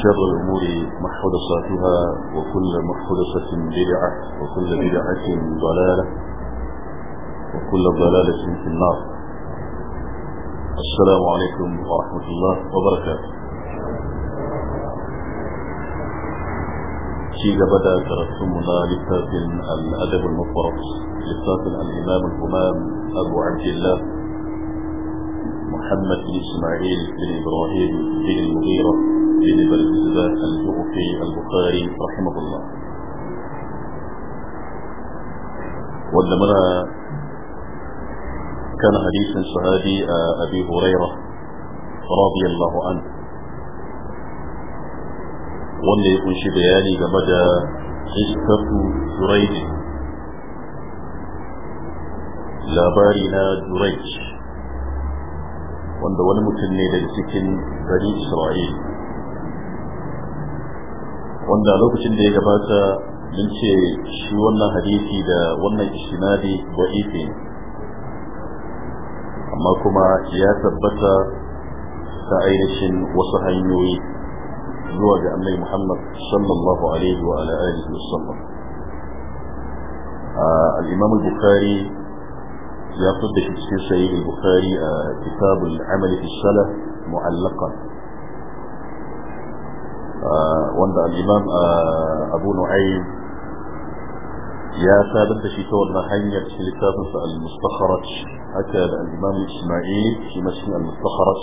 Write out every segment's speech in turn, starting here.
شر الأمور محدثاتها وكل محدثة بدعة وكل بدعة ضلالة وكل ضلالة في النار السلام عليكم ورحمة الله وبركاته شيء بدأ ترسمنا لفاتن الأدب المفرط لفاتن الإمام الهمام أبو عبد الله محمد بن إسماعيل بن إبراهيم بن المغيرة بن برزبة الجوفي البخاري رحمه الله ولما كان حديث صحابي آه، أبي هريرة رضي الله عنه wanda ya kunshi bayani game da iskatu juraij labari na wanda wani mutum ne daga cikin gari isra'il wanda lokacin da ya gabata mun ce shi wannan hadisi da wannan ishinadi da'ifi amma kuma ya tabbata ta ainihin wasu hanyoyi zuwa ga annabi Muhammad sallallahu alaihi wa alihi wasallam al-Imam al-Bukhari ya fadda shi cikin sahih al-bukhari a kitabul amali fi salah mu'allaqan wanda al-imam abu nu'aym ya sadar da shi ta wannan hanyar cikin littafin sa al-mustakhraj haka da al-imam isma'il shi ma cikin al-mustakhraj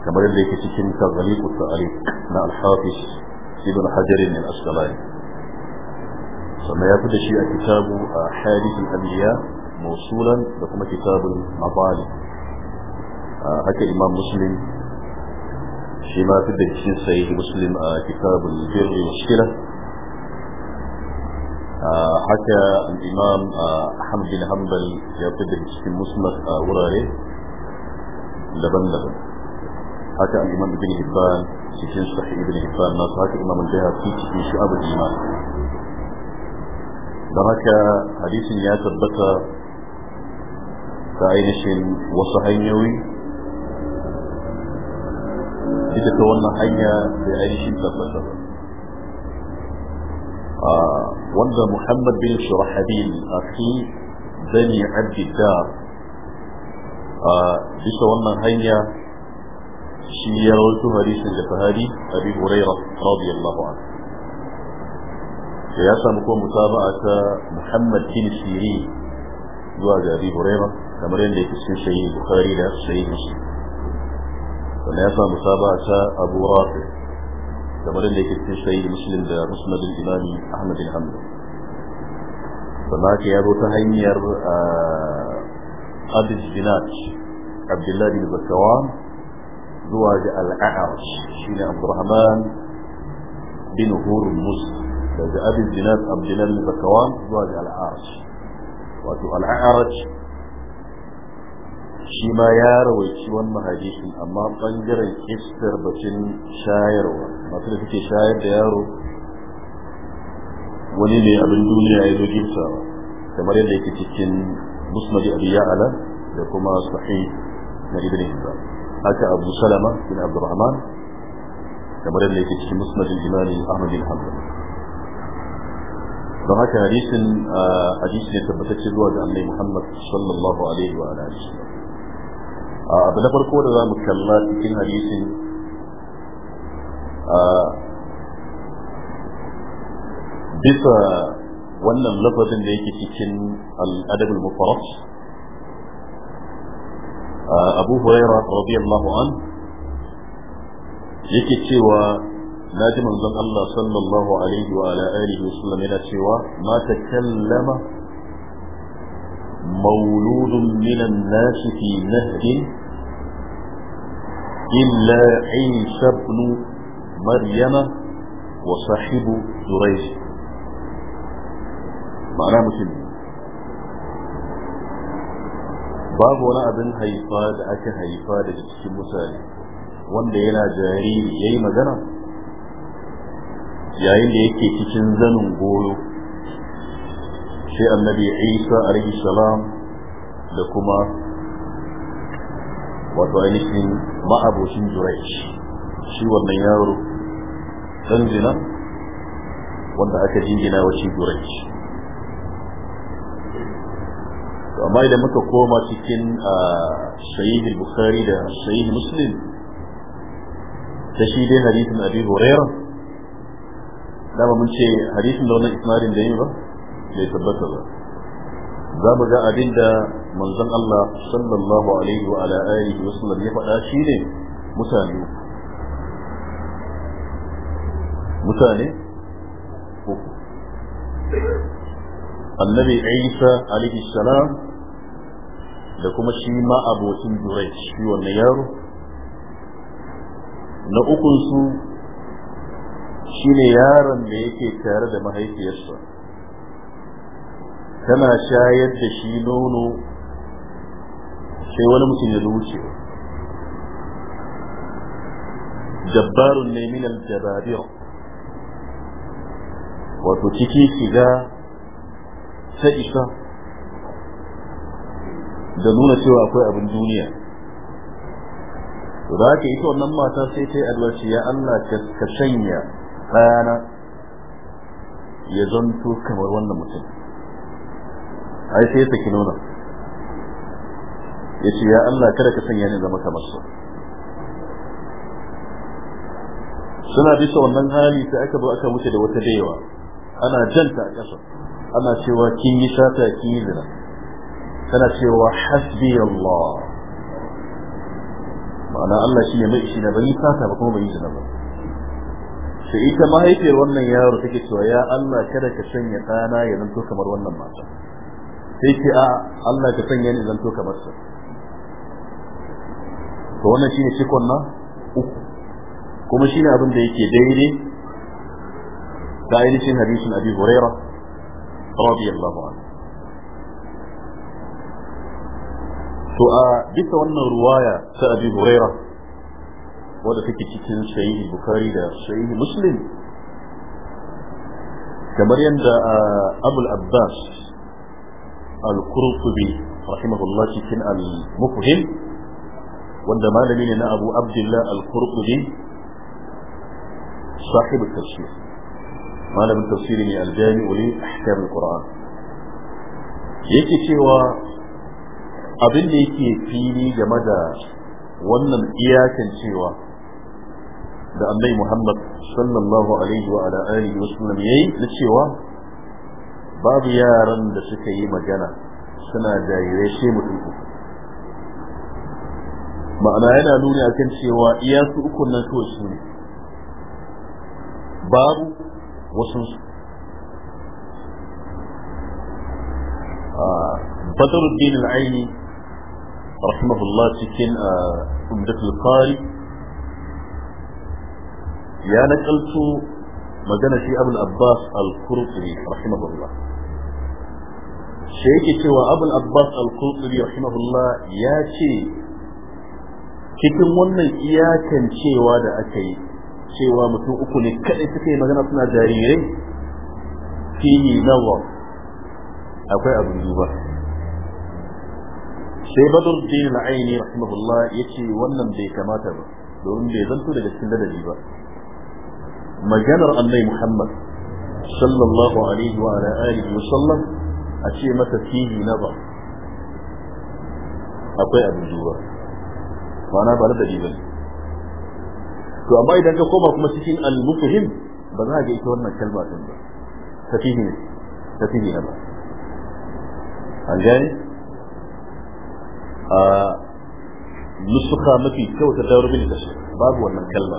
kamar yadda yake cikin tazaliq at-ta'liq na al-hafiz ibn hajar min asqalani sannan ya fita shi a kitabu a hadith al-anbiya موصولا لكم كتاب المطالب هكا آه، إمام مسلم شما في الدرسين سيد مسلم آه، كتاب البر المشكلة هكا آه، الإمام حمد بن حنبل يبدأ بحسب المسمح وراره لبن لبن هكا الإمام بن حبان سيكون صحيح بن حبان ناس هكا إمام البيها في في شعب الإيمان لما حديث ياتب بكر da ainihin wasu hanyoyi ita ta wannan hanya da ainihin tabbata wanda muhammad bin shurahabil a fi bani abdiddar bisa wannan hanya shi ya rawaito hadisin da fahari abi hurairah radiyallahu anhu da ya samu kuma mutaba'a ta muhammad bin sirin zuwa ga abi hurairah kamar yadda yake cikin sahih bukhari da sahih muslim sannan ya samu saba ta abu rafi kamar yadda yake cikin sahih muslim da musnad al-imami ahmad bin hanbal sannan ke zo ta hanyar abid binat abdullahi bin zakawan zuwa ga al-a'raj shine abdurrahman bin hur hurmuz daga abid binat abdullahi bin zakawan zuwa ga al aash wato al aash shi ma ya rawaici wannan hadisin amma bangaren kissar batun shayarwa masu da suke shayar da yaro wani ne abin duniya ya zo giftawa kamar yadda yake cikin musnad abu ya'ala da kuma sahih na ibn hibban haka abu salama bin abdurrahman kamar yadda yake cikin musnad al-imam ahmad bin hanbal don haka hadisin ah, hadisi ne tabbatacce zuwa ga annabi muhammad sallallahu alaihi wa alihi abu na farko da za mu kalla cikin hadisin bisa wannan lafazin da yake cikin al'adabul mufarras abu huraira radiyallahu an yake cewa na ji manzon Allah sallallahu alaihi wa ala alihi wasallam yana cewa ma takallama مولود من الناس في نهج إلا عيسى بن مريم وصاحب جريج معنى مسلم باب ولا أبن هيفاد أك هيفاد جسك مسالي وانده ينا جاري يأي مغنى يأي ليكي تشنزن غولو Sai annabi isa alaihi salam da kuma wato ainihin ma'abocin juraish shi wannan yaro dan zina wanda aka jingina wa shi juraish amma idan muka koma cikin sahih bukhari da sahih muslim ta shi dai hadisin abi hurairah dama mun ce hadisin da wannan isnadin da yi ba bai tabbata ba za mu ga abin da manzon Allah sallallahu alaihi wa ala alihi wasallam ya faɗa shine mutane mutane annabi Isa alaihi salam da kuma shi ma abokin durai shi wannan yaro na ukun su shine yaron da yake tare da mahaifiyarsa tana shayar da shi nono sai wani mutum ya wuce jabbarun ne min aljababir wato ciki shiga ta isa da nuna cewa akwai abin duniya da haka ita wannan mata sai ta yi alwashi ya Allah ka shanya ɗana ya zanto kamar wannan mutum ai sai take nuna nonon ya ce ya Allah kada ka sanya ni zama kamar su suna bisa wannan hali sai aka zo aka wuce da wata daiwa ana janta a kasa ana cewa kin yi sata kin yi zina tana cewa hasbi Allah ma'ana Allah shi ne mai shi da bai yi sata ba kuma bai yi zina ba sai ita mahaifiyar wannan yaro take cewa ya Allah kada ka sanya ɗana ya zanto kamar wannan mata sai ce a Allah ka sanya ni zanto kamar su to wannan shine cikon na uku kuma shine abin da yake daidai da ainihin hadisin Abi Huraira radiyallahu anhu to a bisa wannan ruwaya ta Abi Huraira wadda take cikin sahihi Bukhari da sahihi Muslim kamar yadda Abul Abbas al-qurtubi rahimahullah cikin al-mufhim wanda malami ne na abu abdullah al malamin صاحب ne مالم التفسير من الجامع لأحكام القرآن yake cewa abin da yake fili game da wannan iyakin cewa da annabi Muhammad sallallahu alaihi wa ala alihi wa sallam yayi na cewa babu yaran da suka yi magana suna jarirai sai mutum uku ma'ana yana nuni kan cewa iya su uku nan kawai su babu wasu su badruddin al-aini rahimahullah cikin umdatul qari ya nakalto magana shi abul abbas al-qurtubi rahimahullah sai yake cewa abul abbas al-qutubi rahimahullah ya ce cikin wannan iyakan cewa da aka yi cewa mutum uku ne kadai suka yi magana suna jarirai fihi nawa akwai abin duba sai badur din al-aini rahimahullah yace wannan bai kamata ba domin bai zanto daga cikin ladabi ba maganar annabi muhammad sallallahu alaihi wa ala alihi wa sallam a ce masa fihi na ba akwai abin duba ma'ana ba na da ba to amma idan ka koma kuma cikin al-mufhim ba za ka ga ita wannan kalma din ba tafihi ne tafihi na ba an gani a nusuka mafi kyau ta daurubin da babu wannan kalma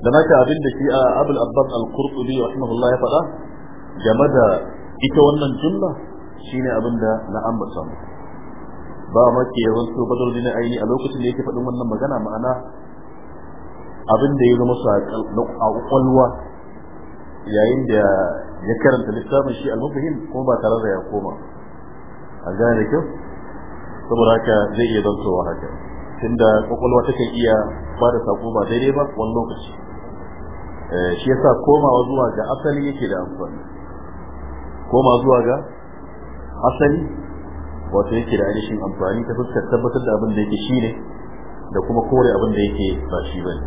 da maka abin da shi a abul abbas al-qurtubi rahimahullah ya faɗa game da ita wannan jumla shine abin da na ambata mu ba mace yawan so badar dina aini a lokacin da yake faɗin wannan magana ma'ana abin da ya zama su a ƙwaƙwalwa yayin da ya karanta littafin shi al-mufahim kuma ba tare da ya koma a gane da kyau saboda haka zai iya zantowa haka tunda ƙwaƙwalwa takan iya ba da sako ba daidai ba wani lokaci eh, shi yasa komawa zuwa ga asali yake da amfani koma zuwa ga asali wato yake da ainihin amfani ta fuskar tabbatar da abin da yake shi ne da kuma kore abin da yake ba shi ba ne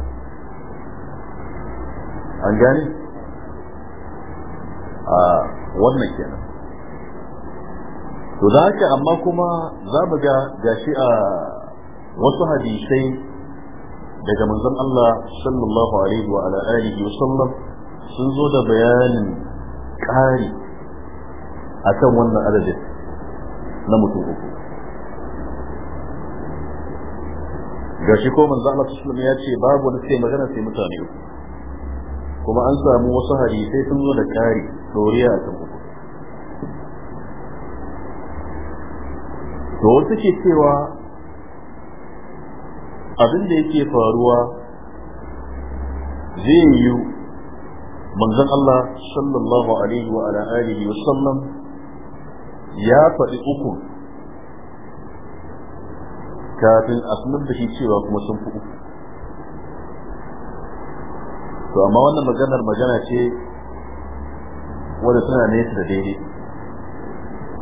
an gane a wannan kenan to da haka amma kuma za mu ga gashi a wasu hadisai daga manzon Allah sallallahu alaihi wa ala alihi wa sallam sun zo da bayanin ƙari akan wannan adadin na mutum uku ga shi ko manzo Allah sallallahu ya ce babu wani sai magana sai mutane uku kuma an samu wasu hadisai sun zo da kari doriya kan uku to wasu ke cewa abin da yake faruwa zai yiwu manzon Allah sallallahu alaihi wa ala alihi wa sallam ya faɗi uku kafin a sanar da shi cewa kuma sun fi uku to amma wannan maganar magana ce wadda suna nesa da daidai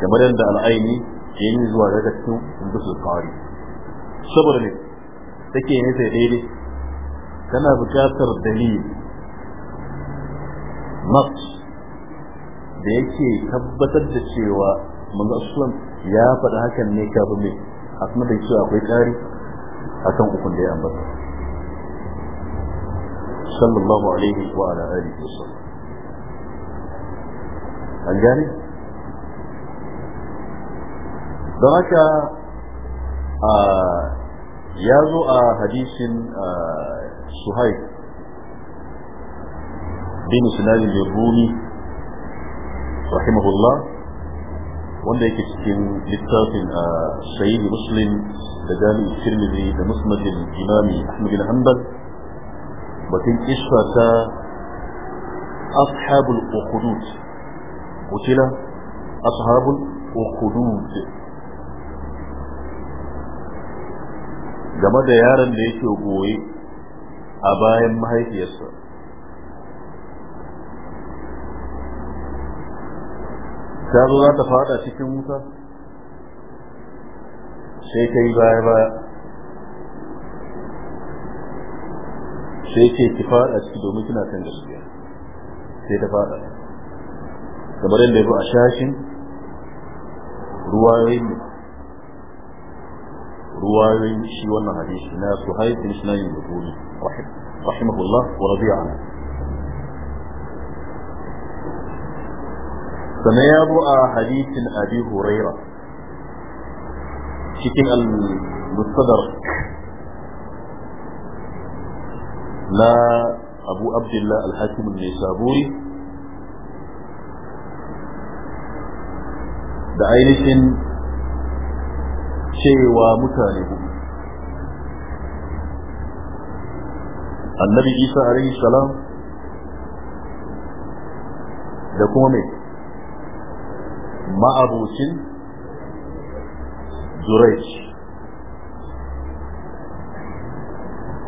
kamar yadda al'aini ke yin zuwa daga cikin indusul kawari saboda ne take nesa da daidai tana buƙatar dalili nas da yake tabbatar da cewa manzo sallam ya faɗa hakan ne kafin mai asma da cewa akwai ƙari akan ukun da ya ambata sallallahu alaihi wa ala alihi wasallam an gane don haka ya zo a hadisin suhaib bin sinari rumi rahimahullah wanda yake cikin littafin a ah, sayyid muslim da jami'in tirmidhi da musnadin imami ahmad bin hanbal batun kissa ta ashabul ukhudud kutila ashabul ukhudud game da yaron da yake goye a bayan mahaifiyarsa ta zo za ta fada cikin wuta sai ta yi baya ba sai ce ki fada ciki domin kina kan gaskiya sai ta fada kamar yadda ya a shashin ruwayoyin ruwayoyin shi wannan hadisi na shi na yin da rahimahullah wa rabi'a كما يروى حديث أبي هريرة شكل المستدر لا أبو عبد الله الحاكم النيسابوري بعينة شيء ومتانب النبي عيسى عليه السلام da ma'abucin Juraish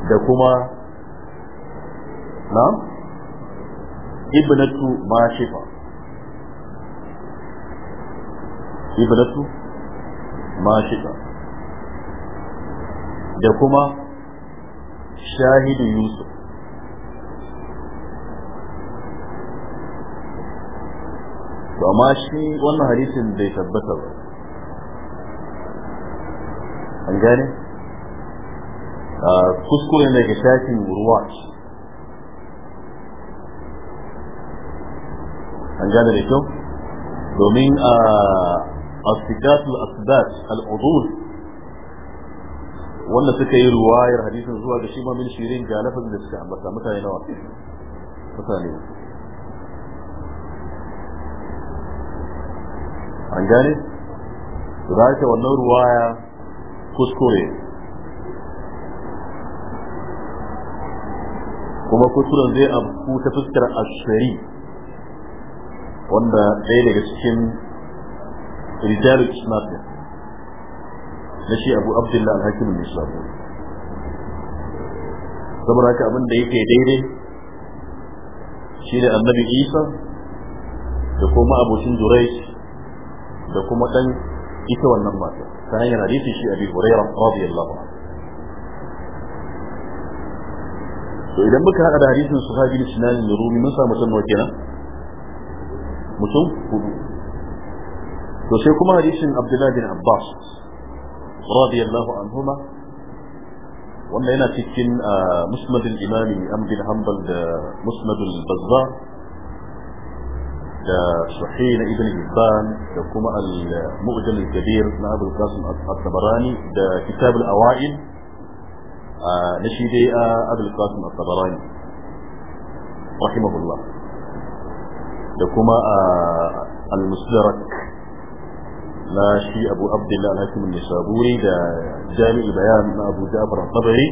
da kuma na ibnatu mashifa ibnatu mashifa da kuma shahidin Yusuf amma shi wannan hadisin bai tabbata ba an gane kuskure daga shafin ruwat an gane da kyau domin a asikat al-asbat al-udul wanda suka yi ruwayar hadisin zuwa ga shi ma min shirin ga lafazin da suka ambata mutane nawa mutane an gane da ce wannan ruwaya kuskure kuma kuskuren zai amfu ta fuskar ashari wanda ɗaya daga cikin rijalu isnad na shi abu abdullahi al-hakim zama isaburi haka abin da yake daidai shi ne annabi isa da kuma abokin jurai da kuma dan ita wannan mata ta hanyar hadisi shi abi huraira radiyallahu anhu to idan muka hada da hadisin sahabi sinan bin rumi mun samu mutum nawa kenan mutum hudu to sai kuma hadisin abdullahi bin abbas radiyallahu anhuma wannan yana cikin ah, musnadul imami am bin hanbal da musnadul bazzar da sahih na ibn hibban da kuma al-mu'jam al-kabir na abul qasim at-tabarani da kitab al-awail na shi dai abul qasim at-tabarani rahimahullah da kuma al-musdarak na shi abu abdullah al-hakim an-nisaburi da jami'i bayan na abu ja'far at-tabari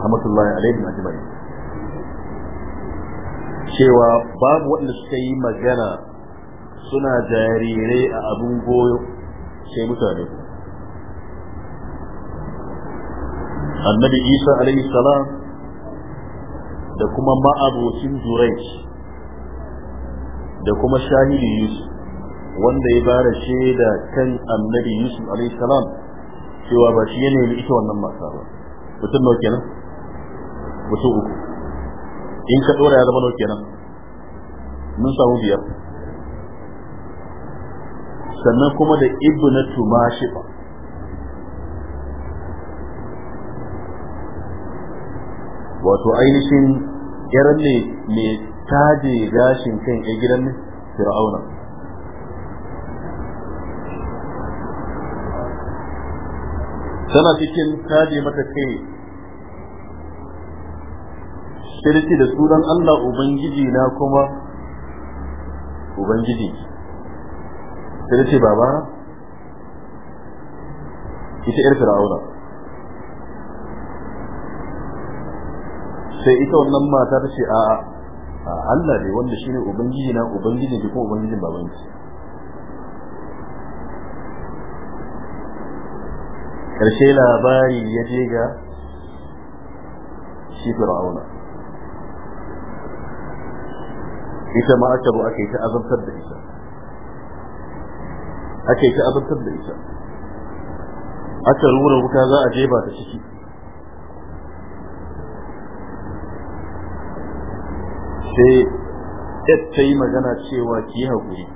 rahmatullahi alayhi ajma'in cewa babu waɗanda suka yi magana suna jarirai a abin goyo sai mutane annabi isa alaihi salam da kuma ma'abocin jurai da kuma shahidi yusuf wanda ya bara shaida kan annabi yusuf alaihi salam cewa ba shi ya nemi ita wannan mata ba mutum nau kenan mutum uku in ka dora ya zama nau kenan mun samu biyar sannan kuma da shi ba, wato ainihin yaran ne mai taje gashin kan ya gidan fir'auna tana cikin taje mata kai shirki da sunan Allah ubangiji na kuma ubangiji shirki baba ita yar fir'auna sai ita wannan mata ta ce a Allah ne wanda shi ne ubangiji na ubangiji da kuma ubangijin babanci, karshe labari ya je ga shi fir'auna ita ma aka bu aka yi ta azabtar da ita aka yi ta azabtar da ita aka rura wuta za a jeba ta ciki sai yadda ta yi magana cewa ki yi haƙuri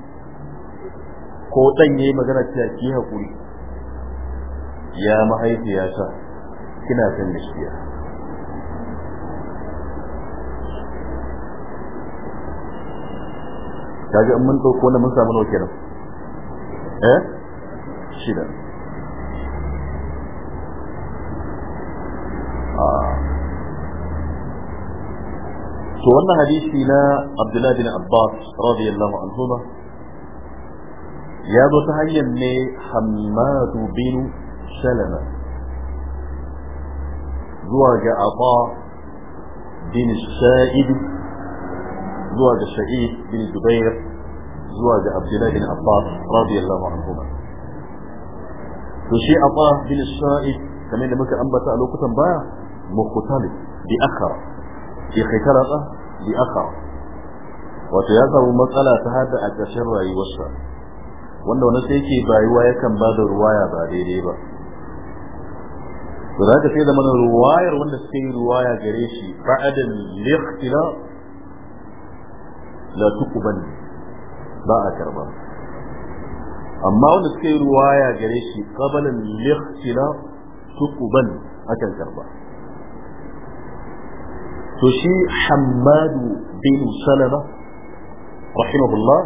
ko ɗan ya yi magana cewa ki yi haƙuri ya mahaifiyata kina kan gaskiya kaje in mun dauko wannan mun samu nawa kenan eh shida to wannan hadisi na Abdullah bin Abbas radiyallahu anhu ya zo ta hanyar ne Hammad bin Salama zuwa ga Abba bin Sa'id zuwa ga Sa'id bin Zubair zuwa ga Abdullah bin Abbas radiyallahu anhu to shi Abba bin Sa'id kamar da muka ambata a lokutan baya mukhtalif bi akhar bi khitarata bi akhar wato ya samu matsala ta hada a ƙarshen rayuwarsa wanda wani sai yake bayuwa yakan ba da ruwaya ba daidai ba to za ka sai da mana ruwayar wanda suka yi ruwaya gare shi ba'adan liqtila la tuqbal ba a karba amma wanda suka yi ruwaya gare shi qabalan lihtila tuqbal akan karba to shi hammadu bin salama rahimahullah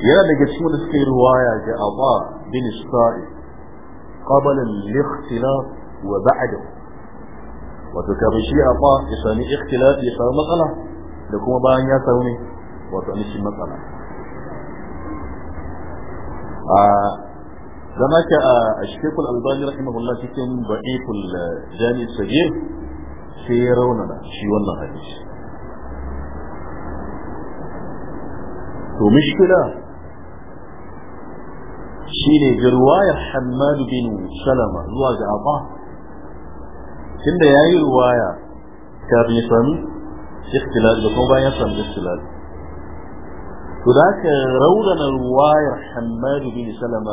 yana daga cikin wanda suka yi ruwaya ga Aba bin Sa'i qabalan lihtila wa ba'dahu wato kamar shi Aba ya sami ikhtilaf ya samu matsala da kuma bayan ya samu ne wato anishin matsala a zama ka a shekul albani rahimahullah cikin ba'iful jami sagir sai ya raunana shi wannan hadisi to mishkila shine ga ruwayar Hammad bin Salama zuwa ga Abba tunda yayi ruwaya kafin ya sami اختلال ده كوبا bayan samu ikhtilal to الواي حماد بن ruwayar جاء bin Salama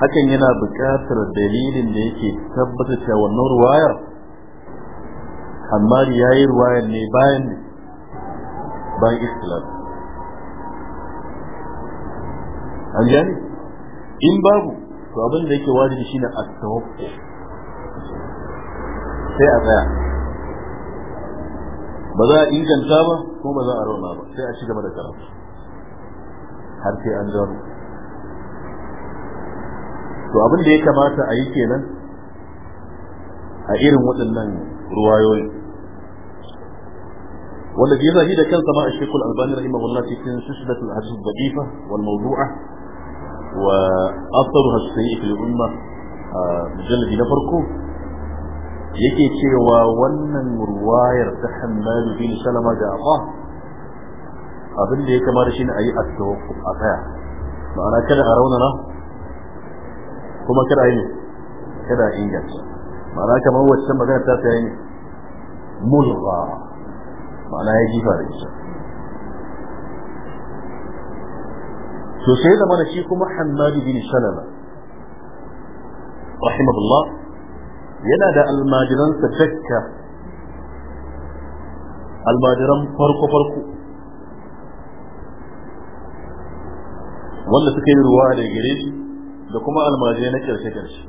hakan yana buƙatar dalilin da yake tabbata cewa wannan ruwayar Hammad ya yi ruwayar ne bayan bayan islam an gani in babu to abin da yake wajibi shine at-tawakkul sai a tsaya ba za a inganta ba ko ba za a rauna ba sai a ci gaba da karatu har sai an gano to abin da ya kamata a yi kenan a irin waɗannan ruwayoyi wanda ke zahi da kansa ma a shekul albani rahimahullah cikin sisdatul hadith dhaifa wal mawdu'a wa asaruha sayyi fil umma mujalladi na farko yake cewa wannan ruwayar ta hannabi bin salama da afa abin da ya kamata shine ayi a tawakkul a tsaya ma'ana kada a raunana kuma kada yi kada a inganta ma'ana kamar wacce magana ta tsaye ne mulwa ma'ana ya jifa da ita sosai da mana shi kuma hannabi bin salama rahimahullah yana da almajiransa takka almajiran farko-farko wanda suka yi ruwa da gare shi da kuma almajirai na ƙarshe-ƙarshe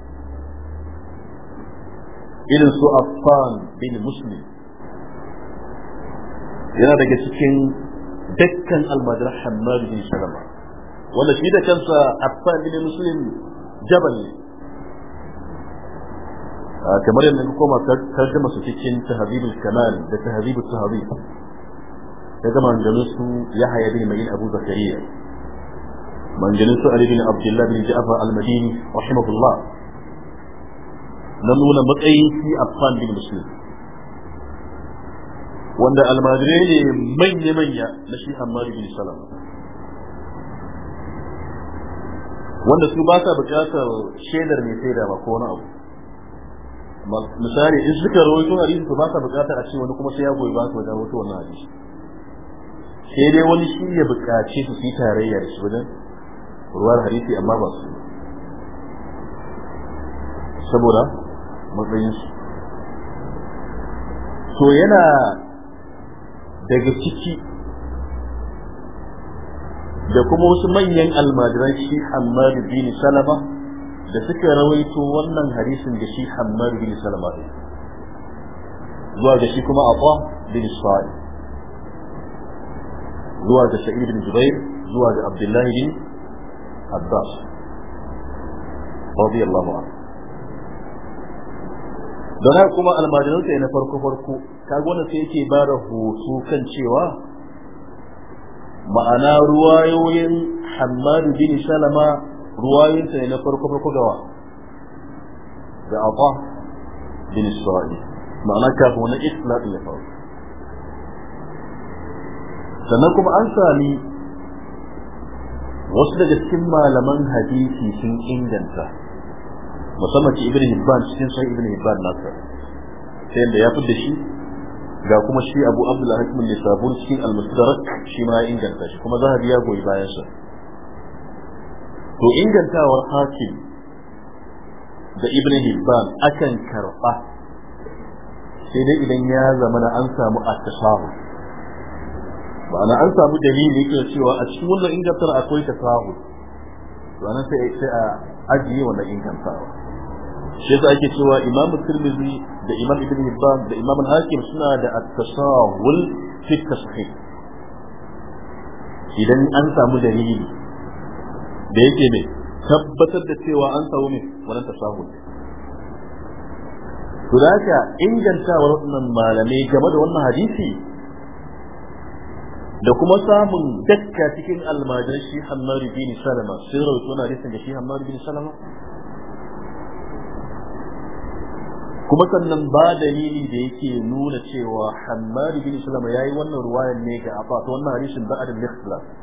irin su affan bin muslim yana daga cikin dukkan almajiran hamadu bin salama wanda shi da kansa affan bin muslim jabal ne kamar yadda ka koma tarjuma su cikin tahzibul kamal da tahzibul tahzib ya ga manjalin su yahya bin ma'in abu zakariya manjalin ali bin abdullah bin ja'far al-madini rahimahullah na nuna matsayin shi affan bin muslim wanda almajirai ne manya-manya na shi hammad bin salama wanda su ba sa bukatar shaidar mai shaida ba ko wani abu misali in suka rawaito hadisi to ba sa bukatar a ce wani kuma sai ya goyi ba su wajen wato wannan hadisi sai dai wani shi ya bukace su yi tarayya da su wajen ruwar hadisi amma ba su saboda matsayin su to yana daga ciki da kuma wasu manyan almajiran shi hamadu bin Salama da suka rawaito wannan hadisin da shi Hammad bin Salama zuwa da shi kuma Atha bin Sa'id zuwa da Sa'id bin Jubair zuwa da Abdullah bin Abbas radiyallahu anhu don haka kuma almajiransa na farko farko kaga wannan sai yake ba da hoto kan cewa ma'ana ruwayoyin Hammad bin Salama ruwayoyinsa ne na farko farko gawa da Abba bin Isra'il ma'ana kafin wani islam ya faru sannan kuma an sami wasu daga cikin malaman hadisi sun inganta musamman ci ibn hibban cikin sai ibn hibban nasa sai da ya fi da shi ga kuma shi abu abdullah hakim ne sabon cikin al-mustadrak shi ma ya inganta shi kuma zahabi ya goyi bayansa. sa to ingantawar hakim da ibn hibban akan karba sai dai idan ya zama da an samu attashahu ma'ana an samu dalili ke cewa a cikin wannan ingantar akwai tasahu to anan sai sai a ajiye wannan ingantawa shi yasa ake cewa imamu tirmidhi da imam ibn hibban da imam hakim suna da attasahul fi tashih idan an samu dalili da yake mai tabbatar da cewa an samu ne wannan tasahul to da haka wa wannan malamai game da wannan hadisi da kuma samun dakka cikin almajan shi Hammar bin Salama sun rawaito na hadisin da shi Hammar bin Salama kuma sannan ba dalili da yake nuna cewa Hammar bin Salama yi wannan ruwayan ne ga afa to wannan hadisin ba'adin adam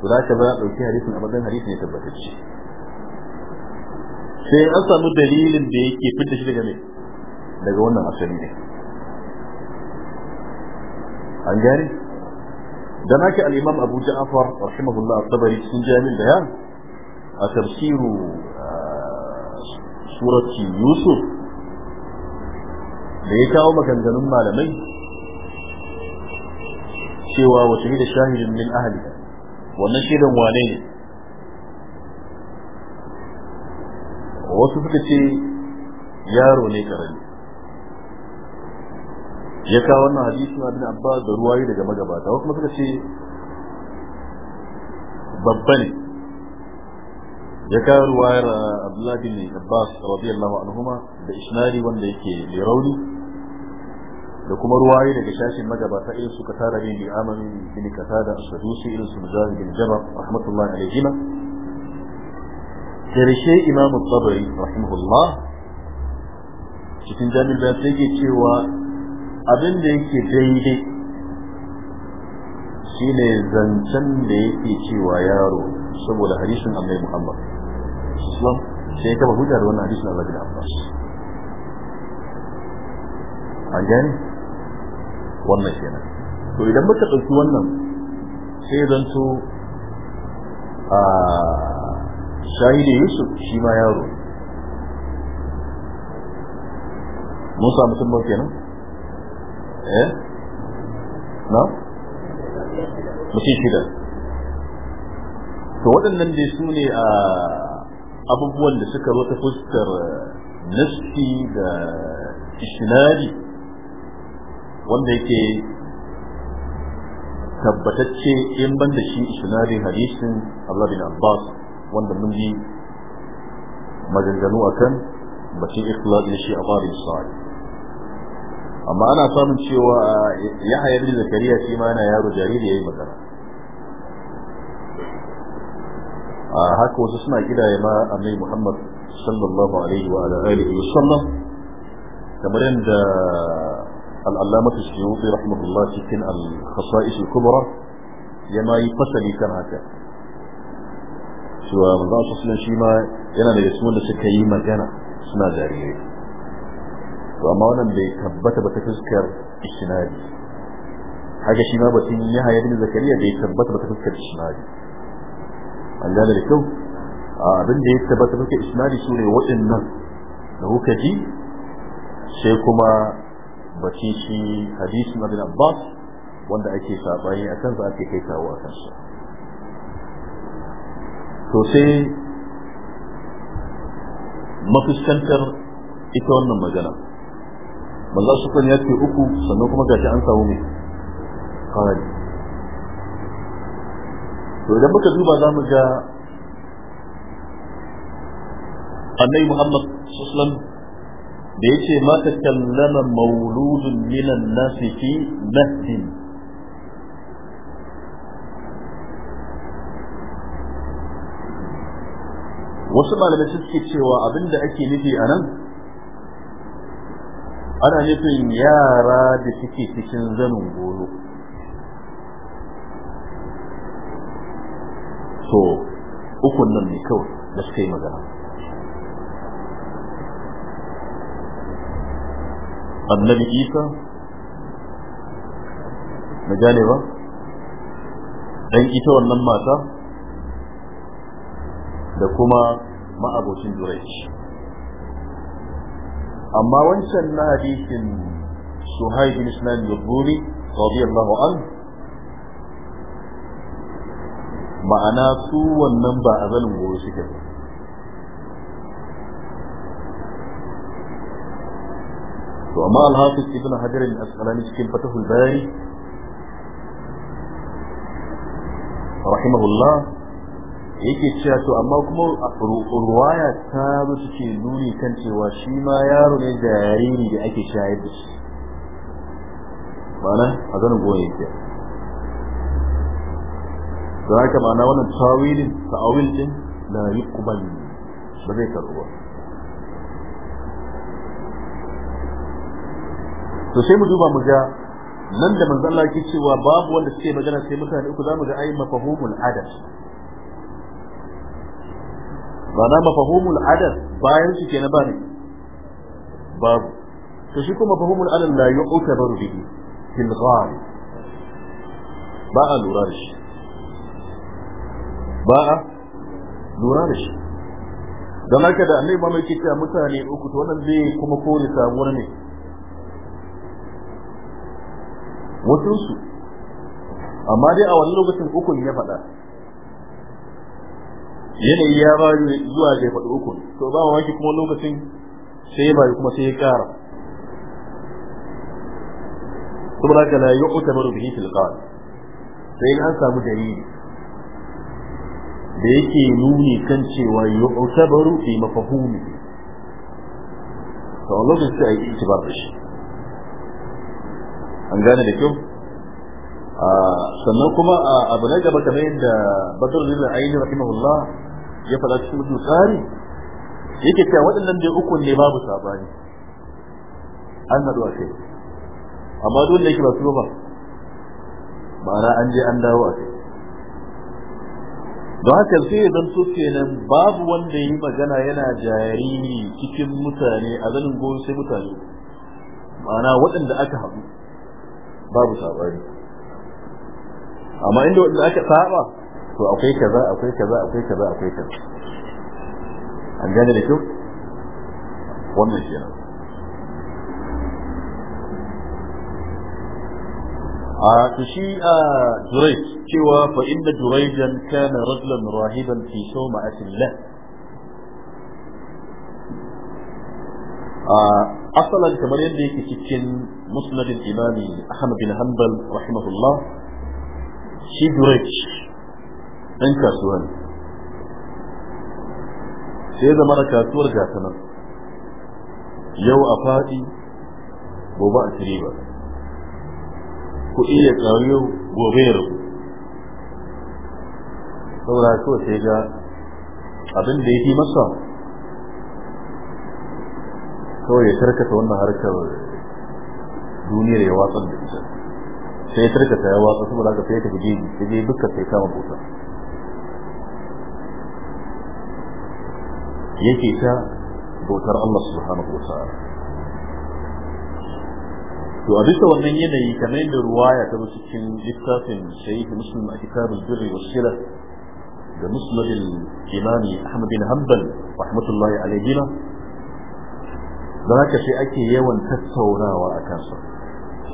to za ka ba ɗauki hadisin a matsayin hadisi ne tabbatacce sai an samu dalilin da yake fita shi daga mai daga wannan asali ne an gari da nake al-imam Abu Ja'far rahimahullah at-Tabari cikin jami'in bayan a tafsiru surati Yusuf da ya kawo maganganun malamai cewa wa shahida shahidin min ahliha wannan shirin wane ne wasu suka ce yaro ne karami ya kawo wannan hadisi na bin abbas da ruwayi daga magabata wasu suka ce babba ne ya kawo ruwayar abdullahi bin abbas radiyallahu anhuma da isnadi wanda yake lirauni rauni da kuma ruwaye daga shashin magabata irin su kasara ne bi amami bin kasada as-sadusi irin su mujahid bin jabr rahmatullahi alayhi karshe imam at-tabari rahimahullah cikin jami'in da yake cewa abin da yake daidai shine zancen da yake cewa yaro saboda hadisin annabi Muhammad sallallahu sai ka hujja da wannan hadisin Allah bin Abbas an gani wannan kenan to idan muka ɗauki wannan sai zanto a shahidi yusuf shi ma yaro mun samu sun ba kenan eh na mutum shida to waɗannan dai su ne a abubuwan da suka zo ta fuskar eh, nasti da isnadi wanda yake tabbatacce in ban da shi isnadin hadisin Abdullah bin Abbas wanda mun yi maganganu akan batun ikhlas da shi a babin sa'i amma ana samun cewa ya hayar da zakariya shi ma yana yaro jariri yayi magana a haka wasu suna kidaye ma annabi Muhammad sallallahu alaihi wa alihi wa sallam kamar yadda al'allamatu suyuti rahmatullah cikin al-khasa'is al ya ma fasali kan haka cewa manzo a shi ma yana daga cikin wanda suka yi magana suna jarirai to amma wannan bai tabbata ba ta fuskar isnadi haka shi ma batun Yahya ibn Zakariya bai tabbata ba ta fuskar isnadi an da kyau abin da ya tabbata fuskar isnadi waɗannan da ji sai kuma Baki shi hadisin abin abbas wanda ake sabani a kan ake kai tawo a kansa to sai mafuskantar ita wannan magana manzo su kan yace uku sannan kuma gashi an samu mai kawai to idan muka duba za mu ga annabi muhammad sallallahu alaihi wasallam da yace ma kallama mauludun minan nasi fi mahdin wasu malamai suke cewa abinda ake nufi a nan ana nufin yara da suke cikin zanin goro so ukun nan ne kawai da suka yi magana annabi isa na gane ba dan ita wannan mata da kuma ma'abocin durai amma wancan na hadisin suhai bin islam yuburi radiyallahu an ma'ana su wannan ba a ganin gobe suke ba to amma al-hafiz ibn hajar al-asqalani cikin fatahul bari rahimahullah yake cewa to amma kuma ruwaya ta zo take nuni kan cewa shi ma yaro ne jariri da ake shayar da shi ma'ana a zanen goyon yake za ka mana wannan tawilin ta'awil din la yuqbal ba zai ba. to sai mu duba mu ga nan da manzo Allah yake cewa babu wanda suke magana sai mutane uku zamu ga ai mafahumul adad na mafahumul adad bayan shi kenan ba ne babu to shi kuma mafahumul adad la yu'tabaru bihi fil ghalib ba a lura da shi ba a lura da shi don haka da annabi ma mai cewa mutane uku to wannan zai kuma kore samuwar ne wasunsu amma dai a wani lokacin ukun ya faɗa yanayi ya ba zuwa zai faɗi ukun to ba mamaki kuma lokacin sai ba kuma sai ya ƙara saboda haka la maru bihi fil qawl sai an samu dalili da yake nuni kan cewa yu'tabaru fi mafahumi to lokacin sai yi itibar da shi an gane da kyau sannan kuma abu na gaba kamar yadda badar lillah ainihin rahimahullah ya faɗa cikin mutum tsari yake cewa waɗannan da uku ne babu sabani an na a kai amma dole yake ba su ba ma'ana an je an dawo a kai don haka sai ya zanto kenan babu wanda yi magana yana jariri cikin mutane a zanin goyon sai mutane ma'ana waɗanda aka haɗu babu sabani amma inda wanda aka saba to akwai kaza akwai kaza akwai kaza akwai kaza an gane da kyau wannan kenan a tushi a jurai cewa fa inda juraijan kana rajulan rahiban fi sawma asillah a asalan kamar yadda yake cikin مسند الإمام أحمد بن حنبل رحمه الله شيبريج أنك سؤال سيدة مركة تورجة سنة يو أفادي بوبا تريبا كوئية كاريو بوبير سورة كو سيدة أبن بيتي مصر كو يتركت ونهاركة ونهاركة duniyar ya watsar da ita sai ya tarkata ya watsa saboda haka sai ya tafi jeji ya je ta ya kama bota yake ta bautar Allah subhanahu wa ta'ala to a duka wannan yanayi kamar yadda ruwa ya taɓa cikin littafin shaykh muslim a kitabul birri was sila da musnad al Ahmad bin Hanbal rahmatullahi alayhi da haka sai ake yawan tattaunawa a kansa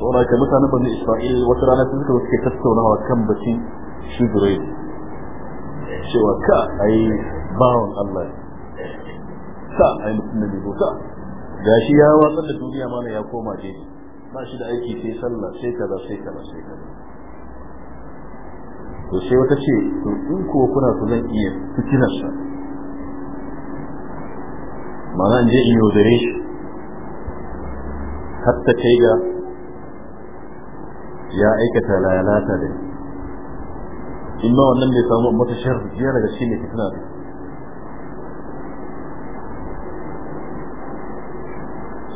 saboda haka mutanen bani isra'il wata rana sun suka suke tattaunawa kan batun shi zurai cewa ka ai bawan Allah ka ai mutum ne bota gashi ya watsar da duniya mana ya koma jeji ba shi da aiki sai sallah sai kaza sai kaza sai kaza to sai wata ce to in ko kuna so zan iya fitinarsa ma'ana in je in yaudare shi ta kai ga ya aikata lalata da in ba wannan bai samu mata jiya daga shi ne fitina da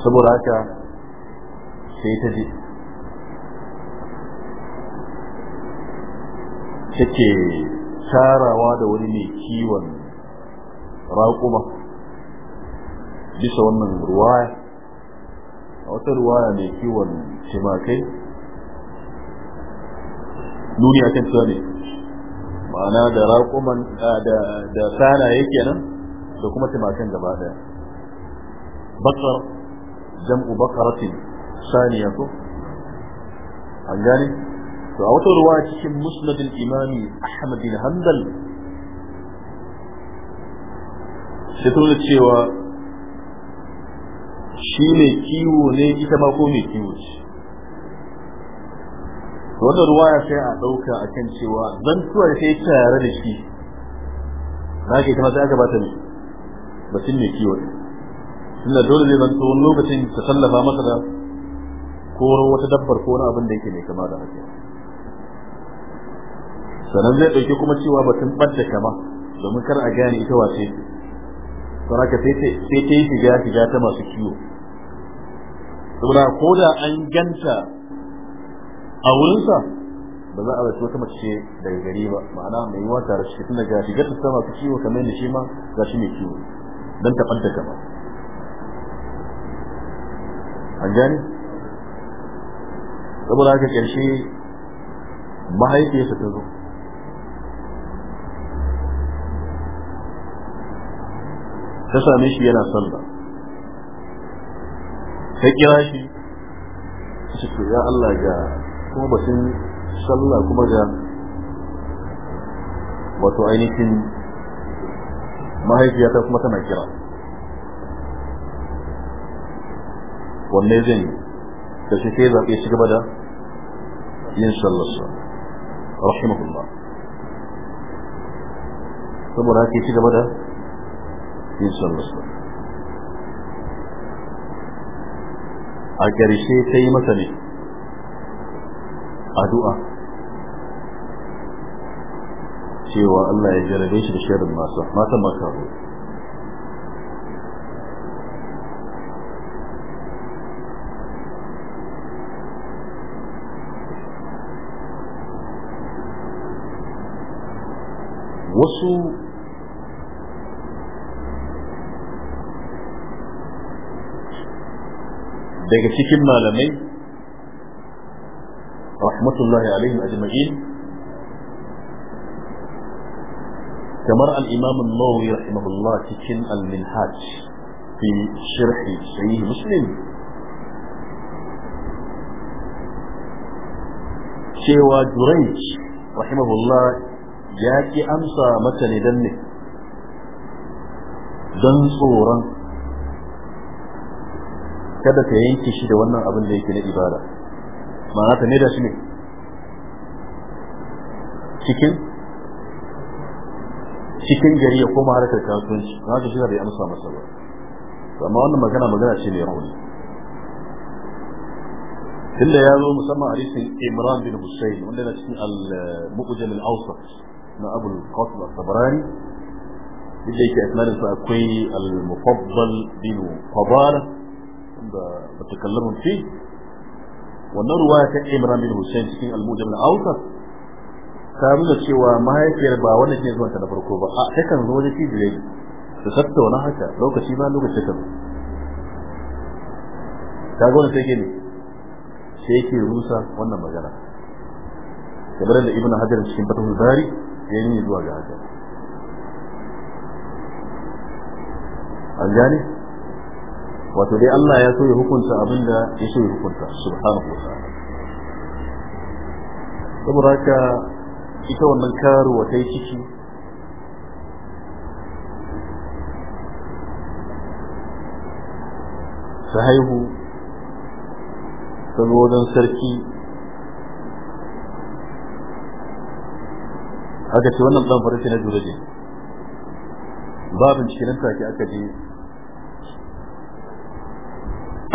saboda haka sai ta ji take tarawa da wani mai kiwon raƙuma bisa wannan ruwaya a wata ruwaya mai kiwon timakai nuni akan cewa ne ma'ana da raƙuman da sanaye kenan da kuma tumakan gaba daya bakar jam'u bakaratin saniya ko an gane to a wata ruwa cikin musnadin imami ahmad bin hanbal sai ta cewa shi ne kiwo ne ita ma ko mai kiwo ce wanda ya sai a dauka kan cewa zan tuwa sai tare da shi na ke kuma sai aka bata ne batun ne kiwo ina dole ne zanto wani lokacin ta tallafa masa da koro wata dabbar ko wani abin da yake mai kama da haka sannan zai dauki kuma cewa batun ɓadda kama domin kar a gane ita wace don ka sai ta yi shiga shiga ta masu kiwo saboda ko da an ganta a wurinsa ba za a bai wata mace daga gari ba ma'ana mai yiwa tare shi tun daga shigar ta masu ciwo kamar da shi ma za shi mai ciwo don ta fanta gaba an gani saboda haka ƙarshe mahaifiyarsa ta zo ta same shi yana sallah ta kira shi ta ce ya Allah ga kuma batun sallah kuma da wato ainihin mahaifiyata kuma tana kira wanne zan yi da shi kai zaɓe shi gaba da yin sallarsa rahimahullah saboda ake shi gaba da yin sallarsa a ƙarshe ta yi masa ne addu'a cewa Allah ya jarabe shi da sharrin masu mata makaru wasu daga cikin malamai rahmatullahi alaihim ajma'in kamar al-imam an-nawawi rahimahullah cikin al-minhaj ya ki amsa mata ne don tsoron kada ka yanke shi da wannan abin da yake na ibada ma'ana ta ne da shi ne cikin cikin gari ya koma harkar kasuwanci na ga shi bai amsa masa ba amma wannan magana magana ce ne rauni tunda ya zo musamman hadisin Imran bin Husayn wanda yana cikin al-Muqjam al-Awsat na Abu al-Qasim al-Tabarani inda yake asnanin sa akwai al-Mufaddal bin Fadala wanda mutakallamun fi wannan ruwaya ta Imran bin Husayn cikin al-Muqjam al-Awsat ta nuna cewa mahaifiyar ba wannan ne zuwanta na farko ba a takan zo wajen cibiyar su tattauna haka lokaci ba lokaci kan ta gona sai gini sai yake rusa wannan magana kamar da ibn hajar cikin fatahul bari ya yi zuwa ga haka an gane wato dai Allah ya so ya hukunta abinda ya so ya hukunta subhanahu wa ta'ala saboda haka ita wannan karuwa ta yi ciki ta haihu ta zo sarki aka ce wannan ɗan farashi na jure babin cikin take aka je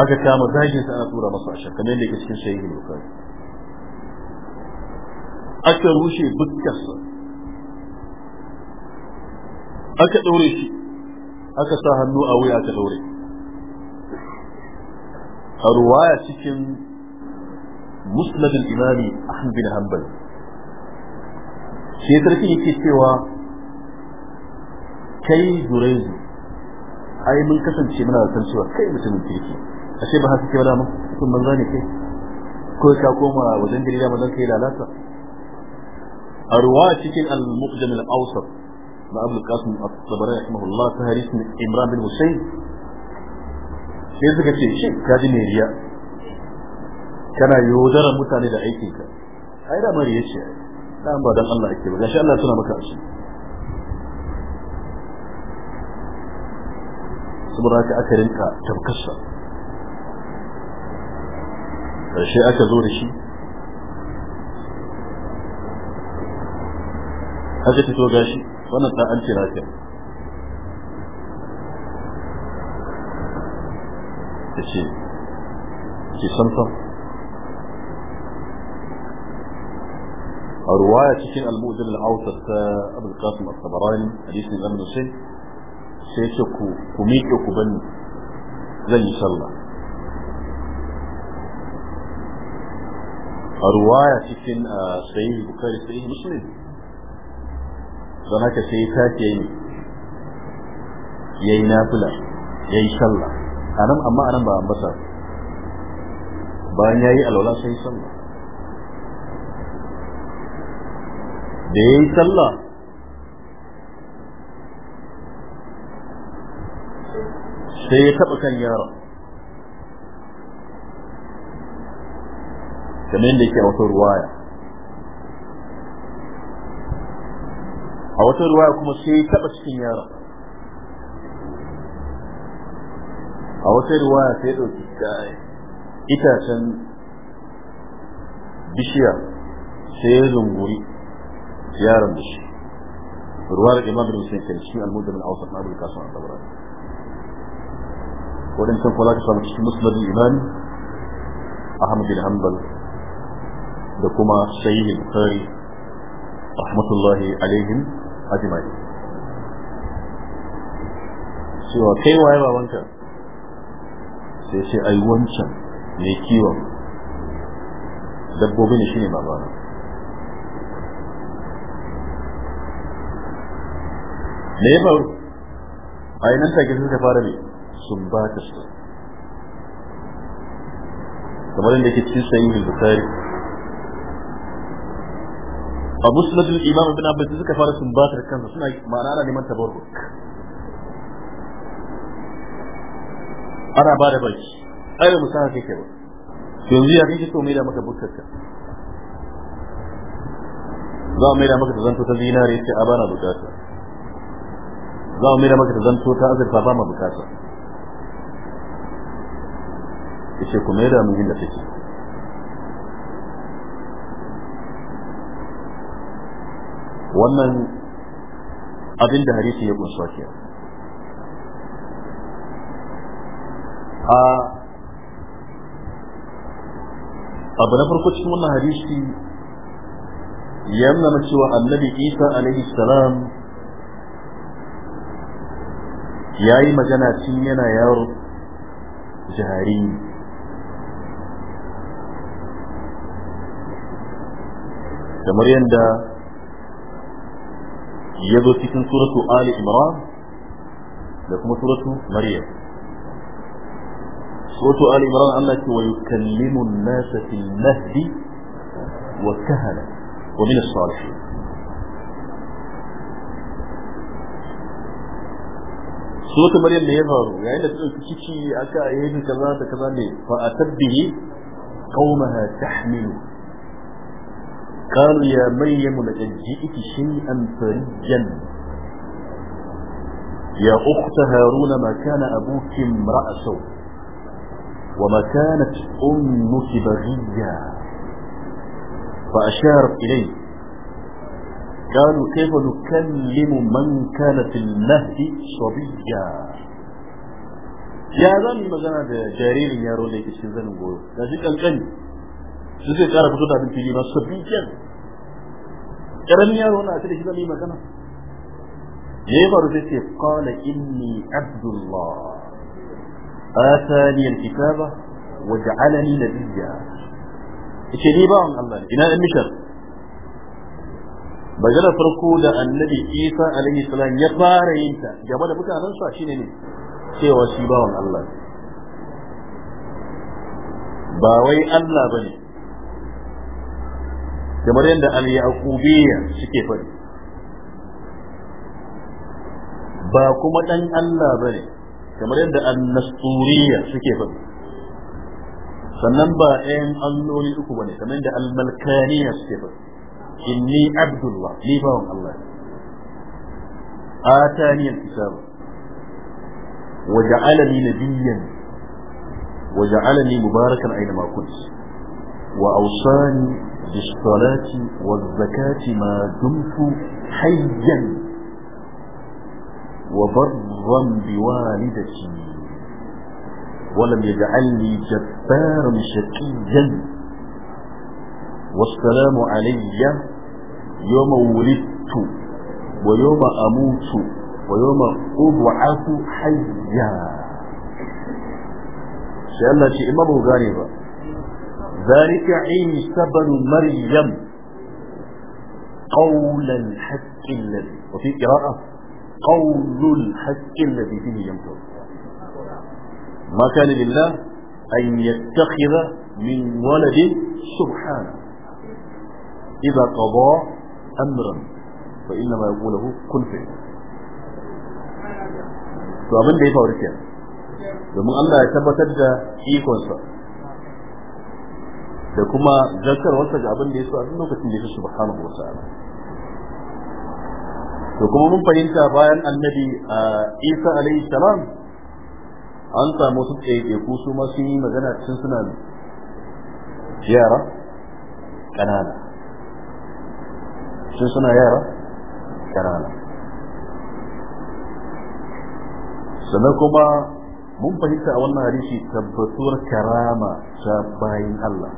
aka kama zagin sa ana tura masa a shakka ne da yake cikin shayi bukari aka rushe bukkarsa aka ɗaure shi aka sa hannu a wuya aka ɗaure a ruwaya cikin musnadin imani ahmad bin hanbal shi sarki yake cewa kai juraizu ai mun kasance muna da cewa kai mutumin kirki ashe ba haka ke ba dama sun banza ne kai ko ka koma wajen gari da mazan kai lalata رواه شكل المقدم الأوسط لأبل القاسم الطبري رحمه الله فهر من إمران بن حسين إذا كنت شيء كادي ميريا كان يودر متاني لعيكك أيضا مريا شيء لا أمبادا الله أكتب شاء الله سنة مكاشي سمراك أكرمك تبكسر أشياء أكذور شيء haka ta fito gashi wannan ta an kira ta ta ce san ta a ruwaya cikin al-mu'jam al-awsat ta Abu al qasim al tabarani hadisin ibn husayn sai ce ku ku miƙe ku bani zan yi sallah a ruwaya cikin sahih bukhari sahih muslim don haka sai ta ce yi yayi nafila yayi sallah anan amma anan ba ambata bayan yayi alwala sai sallah da yayi sallah sai ya taba kan yaron kamar yadda yake wata ruwaya wata ruwaya kuma sai ya taba cikin yaron a wata ruwaya sai ya dauki itacen bishiya sai ya zunguri yaron da shi ruwar imam bin hussein kan shi al-mudar min awsat ma'ruf kasan al-dawrani wadin kan kula ka samu cikin musnad al-imam ahmad bin hanbal da kuma sahih al-bukhari rahmatullahi alaihim su wa kai waye wancan sai ce ai wancan mai kiwon dabbobi ne shine babana me yaba a yi nan take ta fara ne sun ba ta su kamar yadda ke cikin sayi bukari a musnadul imam ibn abbas suka fara sun ba ta kansa suna ma'ana ana neman tabarruk ana ba da baki ai ba musa kai kai ba yanzu ya kake so mai da maka bukkarka za a mai da maka ta zanto ta zinare ce a bana bukata za a mai da maka ta zanto ta azurfa ba ma bukata ce ku mai da muhim da take wannan abin da hadisi ya kunsa ke a abu na farko cikin wannan hadisi ya nuna cewa annabi isa alaihi salam ya yi magana cin yana yaro jihari kamar yadda يبدو تكن سورة آل إمران لكم سورة مريم سورة آل إمران عمك ويكلم الناس في المهد والكهنة ومن الصالحين سورة مريم يظهر يعني تقول كيكي أكا أيهن كذا كذا فأتبه قومها تحمله قالوا يا مريم لقد جئت شيئا فريا يا أخت هارون ما كان أبوك امرأ سوء وما كانت أمك بغيا فأشارت إليه قالوا كيف نكلم من كان في المهد صبيا يا ذنب المزانة جارير يا رولي كشنزان قولوا لا شيء كان su zai kara fito da abin fili ba su kyan ƙaramin yaro na ce da shi zai magana ya yi faru zai ce kala inni abdullah atani alkitaba wa ja'alani nabiyya yace ni ba bawan Allah ina dan mishar magana farko da annabi Isa alaihi salam ya fara yin ta gaba da mutanen sa shine ne cewa shi ba bawan Allah ba wai Allah bane kamar yadda al-yaqubiyya suke faɗi ba kuma ɗan Allah ba ne kamar yadda an-nasturiyya suke faɗi sannan ba ɗayan alloli uku ba ne, kamar yadda al malkaniya suke faɗi inni abdullah ni bawan Allah atani al-kitab wa ja'alani nabiyyan wa ja'alani mubarakan aina ma kuntu wa awsani بالصلاة والزكاة ما دمت حيا وبرا بوالدتي ولم يجعلني جبارا شقيا والسلام علي يوم ولدت ويوم أموت ويوم أبعث حيا sai Allah ce in ba ذلك عيسى بن مريم قول الحق الذي وفي قراءة قول الحق الذي فيه ينطق ما كان لله أن يتخذ من ولد سبحانه إذا قضى أمرا فإنما يقوله كن فيه to abin da ya الله يتبتد domin Allah da kuma zartarwarsa ga abin da ya so a lokacin da ya so subhanahu wa to kuma mun fahimta bayan annabi Isa alaihi salam an samu su tsaye ku su ma sun yi magana tun suna yara ƙanana, sun suna yara ƙanana. sannan kuma mun fahimta a wannan hadisi tabbatuwar karama ta bayin Allah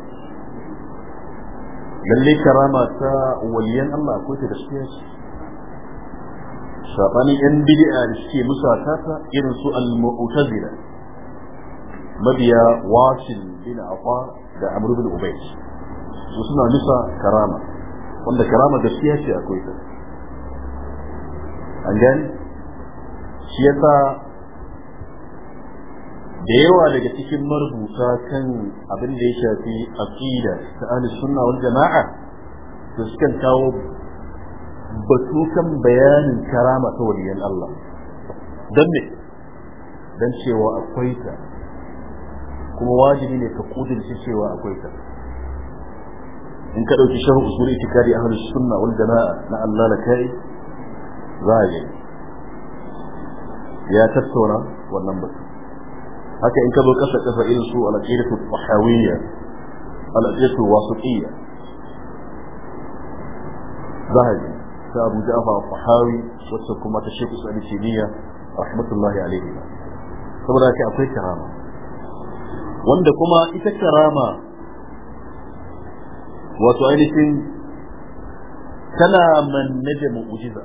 lalle karama ta waliyan Allah ko ta gaskiya ce sabanin yan bid'a da suke musata ta irin su al-mu'tazila mabiya wasil bin afa da amr bin ubayd su suna nisa karama wanda karama gaskiya ce akwai ta an gani shi yasa da yawa daga cikin marubuta kan abin da ya shafi aqida ta ahlus sunna wal jama'a da suka kawo batu kan bayanin karama ta waliyan Allah dan ne dan cewa akwai ta kuma wajibi ne ka kudurci cewa akwai ta in ka dauki sharh usul itikadi ahlus sunna wal jamaa na Allah la kai za ya tattauna wannan batu haka in ka zo kasa kasa irin su al-aqidatu tahawiyya al-aqidatu wasitiyya zahabi ta Abu Ja'far al-Tahawi wacce kuma ta Sheikh Usman Timiya rahmatullahi alaihi saboda haka akwai karama wanda kuma ita karama wato ainihin tana manne da mu'jiza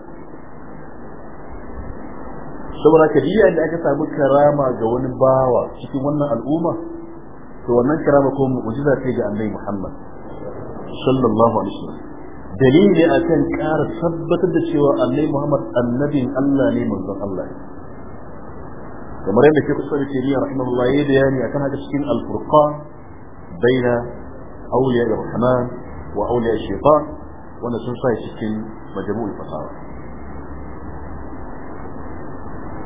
saboda ka diya da aka samu karama ga wani bawa cikin wannan al'umma to wannan karama ko mu'jiza ce ga annabi Muhammad sallallahu alaihi wasallam dalili akan ƙara tabbatar da cewa annabi Muhammad annabin Allah ne manzon Allah ne kamar yadda ke kusa da shari'a rahimahullah ya bayani akan haka cikin al-furqan baina awliya ar-rahman wa awliya ash-shaytan wannan sun sa cikin majmu'ul fasaha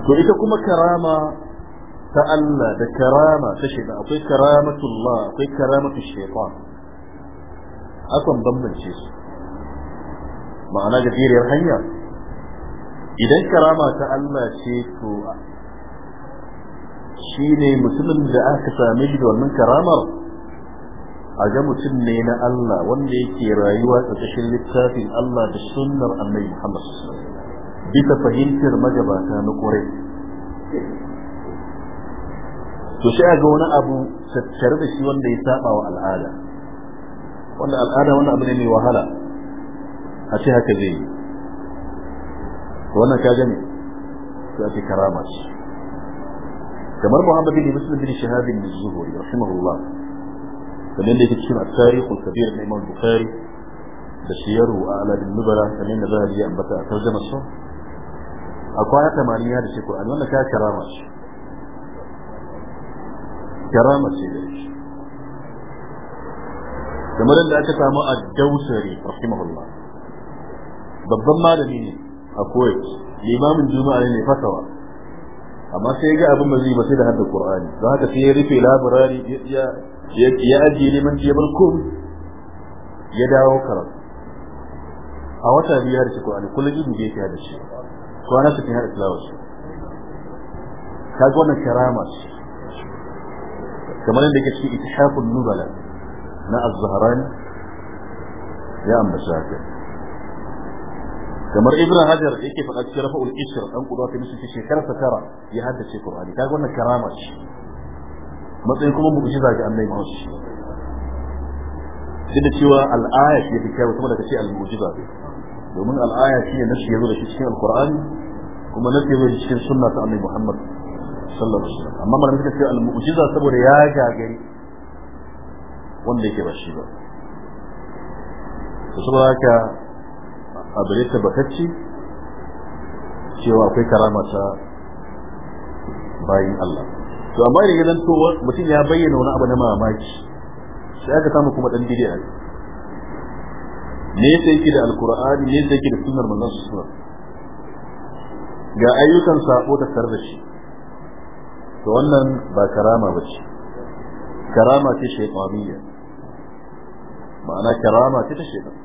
to ita kuma karama ta Allah da karama ta shaitan akwai karamatullah akwai karamatu shaitan akan bambance su ma'ana jiriyar hanya idan karama ta Allah ce to shi ne mutumin da aka same shi da wannan karamar a ga mutum ne na Allah wanda yake rayuwa ƙarƙashin littafin Allah da sunnar annabi Muhammad sallallahu alaihi bisa fahimtar magabata na ƙwarai to sai ga wani abu tattare da shi wanda ya saba wa al'ada wanda al'ada wani abu ne mai wahala a ce haka zai yi wannan ka gane sai ake karama shi kamar Muhammad bin Muslim bin Shahab bin Zuhri rahimahullah kamar da yake cikin at-tarikh al-kabir na Imam Bukhari da shiyaru a aladin nubala kamar da zahabi ya ambata a tarjumar sa Akwai kwana ya da shi Qur'ani wannan ka karama shi karama ce da shi kamar da aka samu a dausari rahimahullah babban malami ne a Kuwait limamin juma'a ne fatawa amma sai ga abin mazi ba sai da hadda Qur'ani don haka sai ya rufe labirari ya ya ajiye neman ya bar ya dawo karatu a wata biyar da shi Qur'ani kullum ibu gefe da shi to ana su tana islawa su kaga wannan karama ce kamar yadda yake cikin itihafun nubala na az-zahrani ya ambata ka kamar ibn hajar yake faɗa cikin rafa'ul ishr an kudu ta mishi shekarar ta tara ya haddace qur'ani kaga wannan karama ce matsayin kuma mu'jiza ga annabi Muhammad duk da cewa al'aya ce da kyau kuma daga ce al-mu'jiza domin al'aya shi ne nashi yazo da shi cikin alqur'ani kuma nashi yazo da cikin sunna ta annabi muhammad sallallahu alaihi wasallam amma malamin suka ce al-mu'jiza saboda ya gagari wanda yake ba shi ba to saboda haka abu ne tabbatacce cewa akwai karama ta bayin Allah to amma gidan to mutum ya bayyana wani abu na mamaki sai aka samu kuma dan bid'a me yasa yake da alkur'ani me yasa yake da sunnar manzon sallallahu alaihi ga ayyukan sabo da tarda shi to wannan ba karama ba ce karama ce shaytaniyya ma'ana karama ce ta shaytan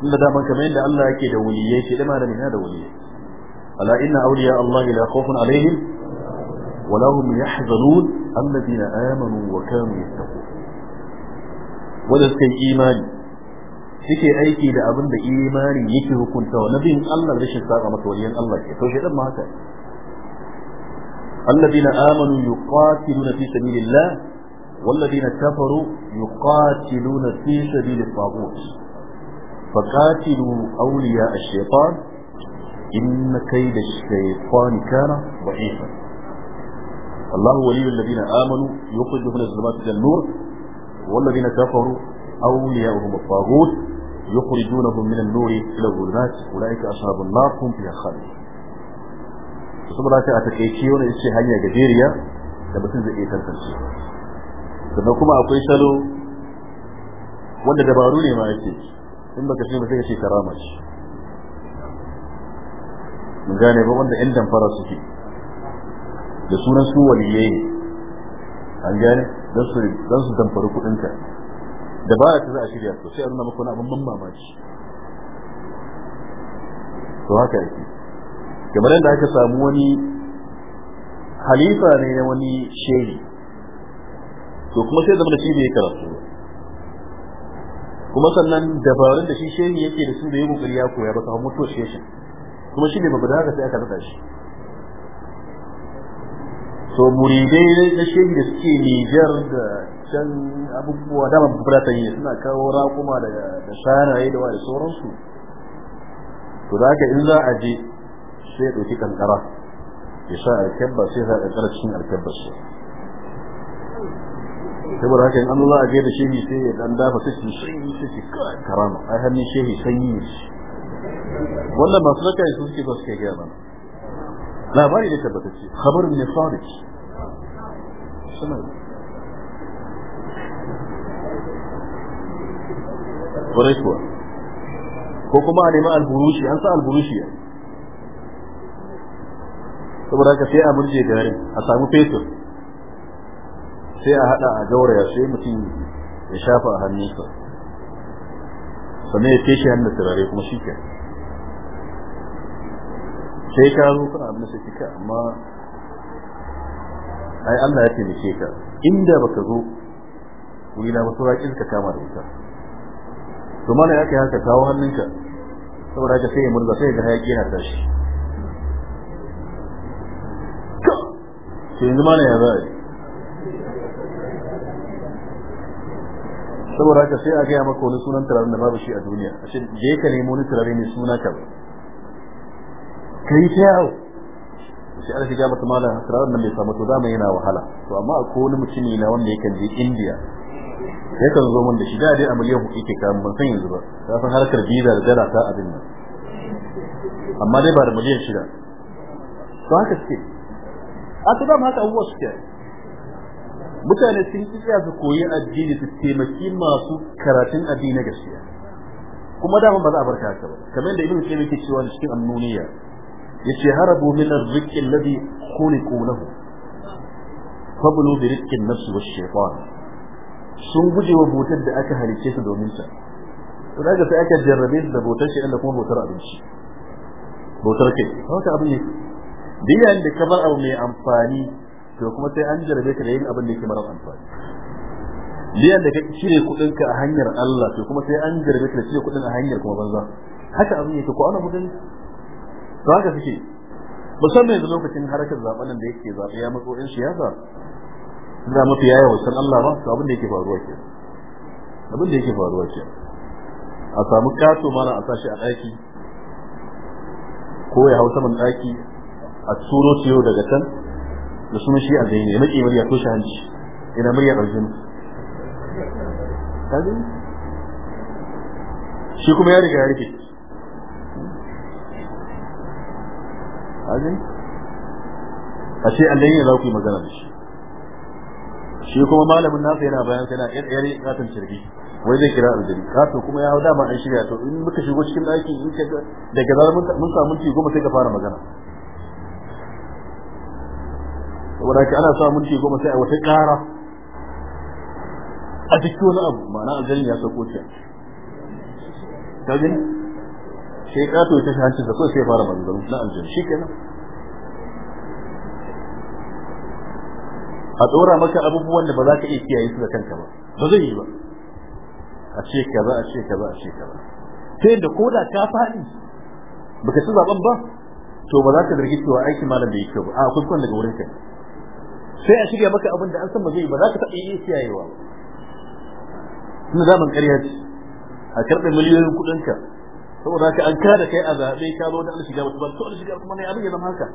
inda daman kamar yadda Allah yake da waliyai shi dama da mina da waliyai ala inna awliya Allah la khawfun alaihim ولا هم يحزنون الذين آمنوا وكانوا يتقون وذلك إيماني suke aiki da abin da imanin yake hukunta na nabin Allah da shin saka masa waliyan Allah ke to shi dan haka alladina amanu yuqatiluna fi sabilillah walladina kafaru yuqatiluna fi sabilit taghut faqatilu awliya ash-shaytan inna kayda ash-shaytan kana dha'ifa الله ولي الذين آمنوا يخرجهم من الظلمات إلى النور والذين كفروا أولياؤهم الطاغوت yukhrijunahum min an-nuri ila dhulumat ulaika ashabun nar hum fiha khalidun saboda haka a takeice wannan ita ce hanya gajeriya da mutum zai iya tantance sannan kuma akwai salo wanda dabaru ne ma yake in baka shi ba sai ka ce karama ce mun gane ba wanda yan damfara suke da sunan su waliyai an gane don su damfari kuɗinka. dabara ta za a shirya to sai a nuna maka wani abin ban mamaki to haka yake kamar yadda aka samu wani halifa ne na wani shehi to kuma sai zama da shi bai karatu kuma sannan dabarun da shi shehi yake da su da ya kokari ya koya ba kamar mutuwar shehin kuma shi ne babu da haka sai aka rada shi so muridai na shehi da suke Nijar da waɗancan abubuwa dama bukata yi suna kawo raƙuma da shanaye da wani sauransu to da haka in za a je sai ya ɗauki kankara ya sa alkyabba sai ya kankara cikin alkyabba su saboda haka in an za a je da shehi sai ya ɗan dafa sai su sanyi sai su karama ai hannun shehi sanyi ne wannan masu raka su suke ba suke gaya mana labari ne tabbatacce khabarin ne sadiq sanar quraishuwa ko kuma a nemi alburushi an sa alburushi saboda haka sai a murje garin a samu fetur sai a hada a gauraya sai mutum ya shafa a hannunsa sannan ya feshe hannun turare kuma shi ke sai ka zo kana abin da kika amma ai Allah ya taimake ka inda baka zo wuri na wasu raƙin ka kama da wuta to mana yake haka tawo hannunka saboda haka sai ya murza sai ga hayaki na tashi to yanzu mana ya ba saboda haka sai a gaya maka wani sunan turaren da babu shi a duniya a cikin je ka nemo wani turare mai suna ka kai ta yau, sai aka ga mata malam turaren nan bai samu to dama yana wahala to amma akwai wani mutumi na wanda yake je India yakan zo mun da shi da dai a miliyan hudu ke kamun ban san yanzu ba ta san harkar biza da dala ta abin nan amma dai ba da miliyan shida to haka suke a ta dama haka abubuwa suke mutane sun iya su koyi addini su taimaki masu karatun addini na gaskiya kuma da ba za a barka haka ba kamar da ibnu tayyib yake cewa cikin annuniya yace harabu min ar-rizqi alladhi khuliqu lahu fablu bi rizqi nafsi wash-shaytan sun guje wa bautar da aka halice su domin sa. to daga sai aka jarrabe su da bautar shi da kuma bautar abinci bautar ke? haka abin yake diyan da ka bar abu mai amfani to kuma sai an jarrabe ka da yin abin da yake mara amfani diyan da ka cire kudin ka a hanyar Allah to kuma sai an jarrabe ka da cire kudin a hanyar kuma banza haka abin yake ko ana mutane to haka suke musamman yanzu lokacin harakar zaben da yake zaɓe ya matso in siyasa da mafi yaya wasan Allah ba to abin da yake faruwa ke abin da yake faruwa ke a samu kato mana a sashi a ɗaki ko ya hausa man ɗaki a tsuro ciyo daga can da sunan shi a aljaini ya kimar murya ko hanci ina murya aljinu shi kuma ya riga ya rike a ce aljaini za ku yi magana da shi shi kuma malamin nasa yana bayan sai na yare katon cirbi wai zai kira aljiri kato kuma ya hau dama an shirya to in muka shigo cikin daki in ka daga zarar mun samu minti goma sai ka fara magana saboda ka ana sa minti goma sai a wata ƙara a cikin wani abu ma'ana aljiri ya sauko ta ta gani sai kato ya tashi hancin sa kawai sai fara magana na aljiri shi kenan a dora maka abubuwan da ba za ka iya kiyaye su da kanka ba ba zai yi ba a ce kaza a ce kaza a ce kaza sai da koda ka fadi baka ci zaben ba to ba za ka zargi cewa aikin malam bai yi kyau ba a kuskuren daga wurin kai sai a shirya maka abin da an san ba zai ba za ka taɓa iya kiyayewa suna zaman ƙarya ce a karɓe miliyoyin kuɗinka saboda haka an kada kai a zaɓe ka zo da an shiga wasu ba to an shiga kuma ne abin ya zama haka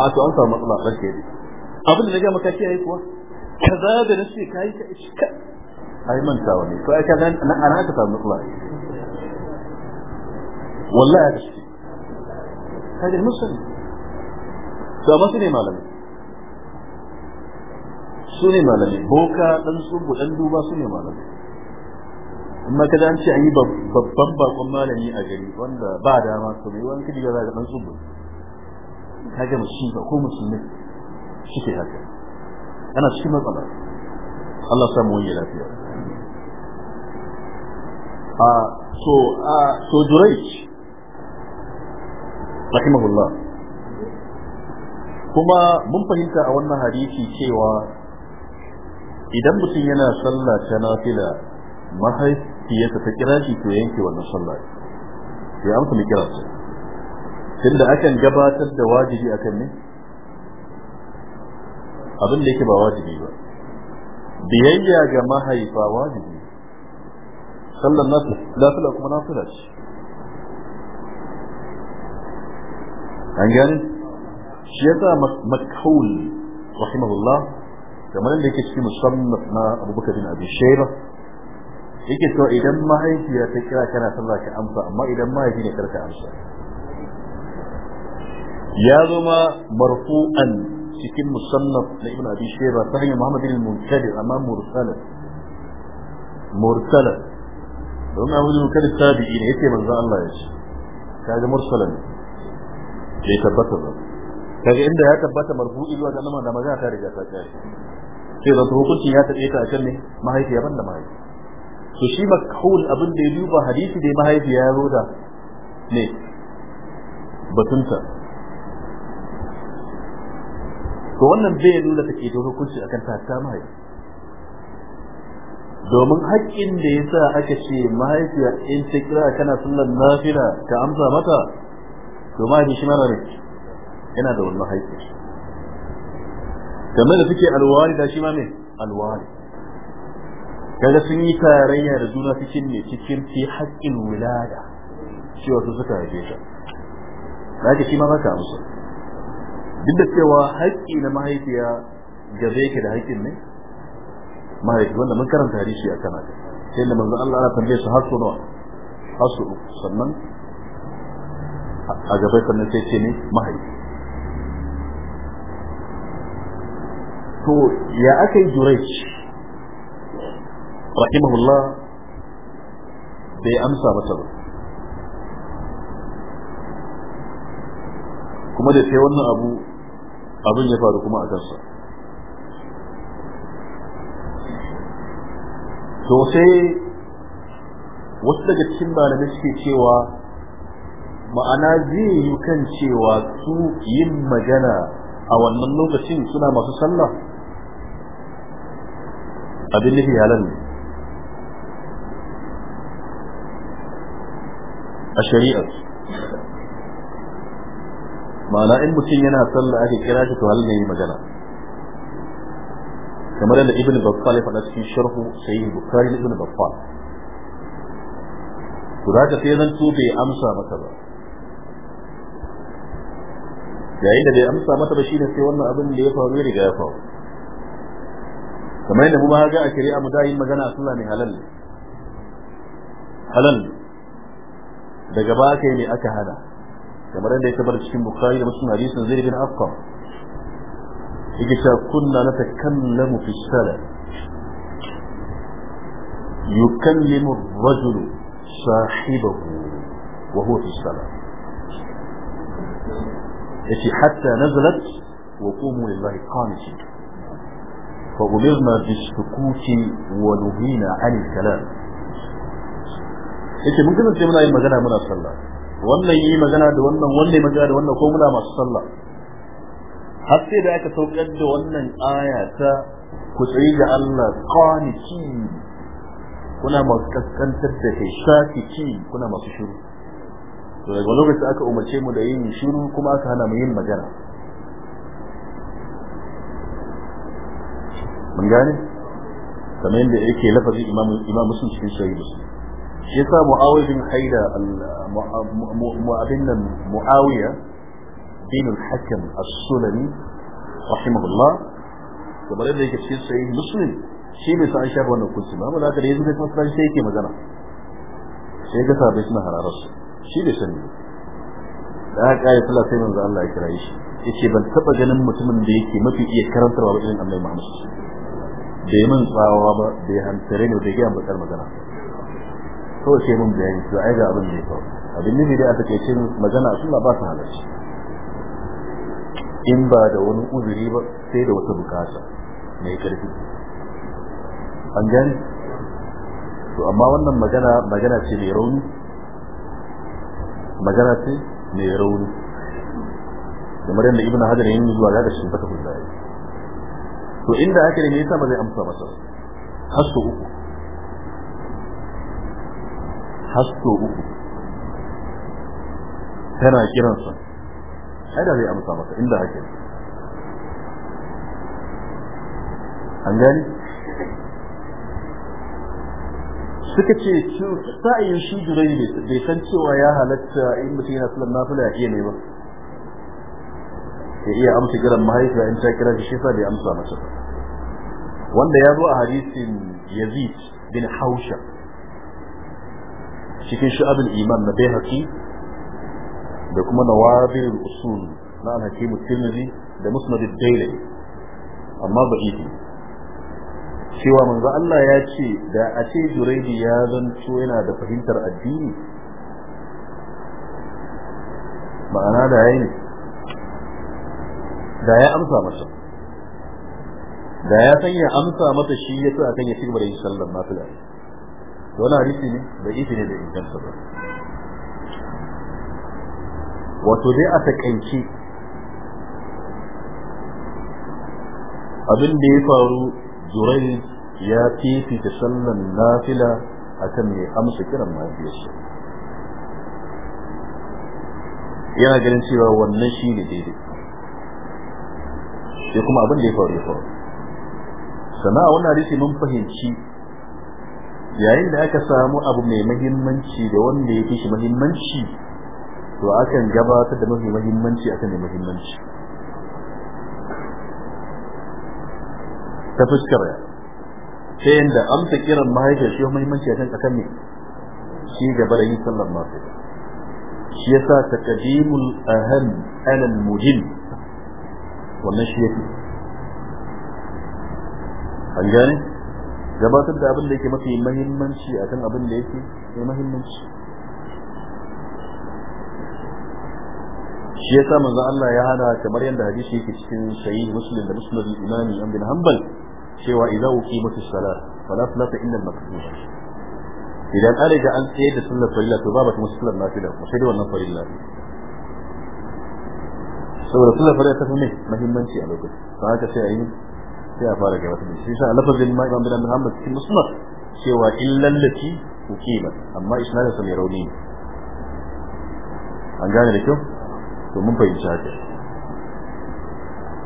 a to an samu matsala ɗan ke abin da na ga maka kiyaye kuwa da ka iska nan ana samu wallahi musulmi to amma su ne malami su ne malami boka dan dan duba su ne malami amma an ce an yi babban bakon malami a gari wanda ba dama to mai wani ga dan musulmi ko musulmi shi ke haka ana cikin matsala Allah samu wani lafiya a so a so Jurayj rahimahullah kuma mun fahimta a wannan hadisi cewa idan mutum yana sallah ta nafila mahaifiyarsa ta kira shi to yanke wannan sallah ya amsa mai kira tunda akan gabatar da wajibi akan ne abin da yake ba wajibi ba biyayya ga mahaifa wajibi sallan nasu lafiya kuma da shi an gani shi ya sa makhaul rahimahullah kamar da yake cikin musamman na abubakar bin abi shaira yake cewa idan mahaifiya ta kira kana sallah ka amsa amma idan mahaifi ne karka amsa ya zama marfu'an cikin musannaf na ibn abi shayba ta hanyar muhammad bin munkadir amma mursalan mursalan don abu bin munkadir tabi'i ne yake manzo Allah ya ce kaga ne. bai tabbata ba kaga inda ya tabbata marfu'i zuwa ga da magana ta riga ta kai sai da hukunci ya tabe ta kan ne mahaifiya banda mahaifi to shi makhul abin da ya duba hadisi da mahaifi ya zo da ne batunta to wannan bai nuna take to hukunci akan ta ta mai domin haƙƙin da ya sa aka ce mahaifiya in ta kira kana sallar nafila ka amsa mata to ma shi mara ne yana da wannan haƙƙi kamar da suke alwari da shi ma ne alwari kaga sun yi tarayya da juna cikin ne cikin fi haƙƙin wulada shi wasu suka haife ta da shi ma ba ka amsa duk da cewa haƙƙi na mahaifiya gaza yake da haƙƙin ne mahaifi wanda mun karanta hadisi a kan haka sai da manzo Allah ya tambaye su har su nawa har su sannan a gaba sannan sai ce ne mahaifi to ya aka yi jurej rahimahullah bai amsa mata ba kuma da sai wannan abu abin ya faru kuma a kansa to sai wasu daga cikin malamai suke cewa ma'ana zai yi kan cewa su yin magana a wannan lokacin suna masu sallah abin nufi halal ne a shari'ar ma'ana in mutum yana sallah ake kira shi to hal ne magana kamar yadda ibn baffal ya faɗa cikin sharhu sahih bukhari ibn baffal to zaka sai zan to bai amsa maka ba yayin da bai amsa mata ba shine sai wannan abin da ya faru ya riga ya faru kamar yadda mu ma ga a shari'a mu da yin magana a sallah ne halal halal daga ba kai ne aka hana kamar yadda yake bar cikin bukhari da muslim hadisin zaid bin afqam yake cewa kunna natakallamu fi salat yukallimu ar-rajul sahibahu wa huwa fi salat yake hatta nazalat wa qumu lillahi qanitin فأمرنا بالسكوت ونهينا عن الكلام yake mun kasance muna yin magana muna sallah wannan yi magana da wannan wanda yi magana da wannan ko muna masu sallah har sai da aka saukar da wannan aya ta ku tsayi ga Allah qaniki kuna masu kaskantar da kai shafiki kuna masu shiru to daga lokacin aka umarce mu da yin shiru kuma aka hana mu yin magana mun gane kamar yadda yake lafazin imamu imamu sun cikin sahih yasa muawiya bin haida mu'abinnan muawiya bin al-hakim as-sulami rahimahullah kamar yadda yake cikin sai muslim shi ne sai shafa wannan kunci ba amma da yanzu da kuma sai yake magana sai ga sabis na hararar shi ne sani da aka yi sallah sai manzo Allah ya kira shi yace ban taba ganin mutumin da yake mafi iya karantarwa ba irin Annabi Muhammad sallallahu alaihi wasallam bai man tsawawa ba bai hantare ne da yake bakar magana to sai mun bayani to ai ga abin da ya faru abin ne da aka ce magana suna ba su halarci in ba da wani uzuri ba sai da wata bukata mai karfi an gani to amma wannan magana magana ce mai rauni magana ce mai rauni kamar yadda ibnu hajar yin zuwa ga da shi ta kullai to inda aka ne yasa ba zai amsa masa har uku hasso uku tana kiransa ai da zai amsa masa inda hake an gani suka ce sa'ayin shi durai ne bai san cewa ya halatta in mutum yana sallar nafila ya iya ne ba ya iya amsa kiran mahaifa in ta kira shi sa bai amsa masa wanda ya zo a hadisin yazid bin hausha cikin sha'abul iman na bayhaqi da kuma na nawabirul usul na al-hakim tirmidhi da musnad ad-dailami amma da'ifi cewa manzo Allah ya ce da a ce Juraidi ya zanto yana da fahimtar addini ma'ana da yayi da ya amsa masa da ya san ya amsa masa shi ya sa akan ya cigaba da yin sallar nafila wani hadisi ne da ifi ne da inganta ba wato dai a takaice abin da ya faru jurai ya fifita sallan nafila kan mai amsa kiran mahaifiyarsa yana ganin cewa wannan shi ne daidai sai kuma abin da ya faru ya faru sana'a wannan hadisi mun fahimci yayin da aka samu abu mai muhimmanci da wanda yake shi muhimmanci to akan gabatar da mafi muhimmanci akan da muhimmanci ta fuskar ta yadda amsa kiran mahaifiyar shi muhimmanci akan akan ne shi gaba da yin sallar masu shi yasa taqdimul aham ala al-muhim wannan shi yake an gane gabatar da abin da yake mafi muhimmanci akan abin da yake mai muhimmanci shi yasa manzo Allah ya hana kamar yadda hadisi yake cikin sahih muslim da musnad al-imam ibn bin hanbal cewa idza uqimatis salat fala salata illa al-maktuba idan an riga an tsaye da sunnar farilla to ba ta musallar nafila ko sai da wannan farilla saboda sunnar farilla ta fi muhimmanci a lokacin ba haka sai a yi sai a fara gabatar da shi sai lafazin ma imam bin Muhammad cikin musnad cewa illal lati uqimat amma isnadin sa mai rauni an gane da kyau to mun fahimci haka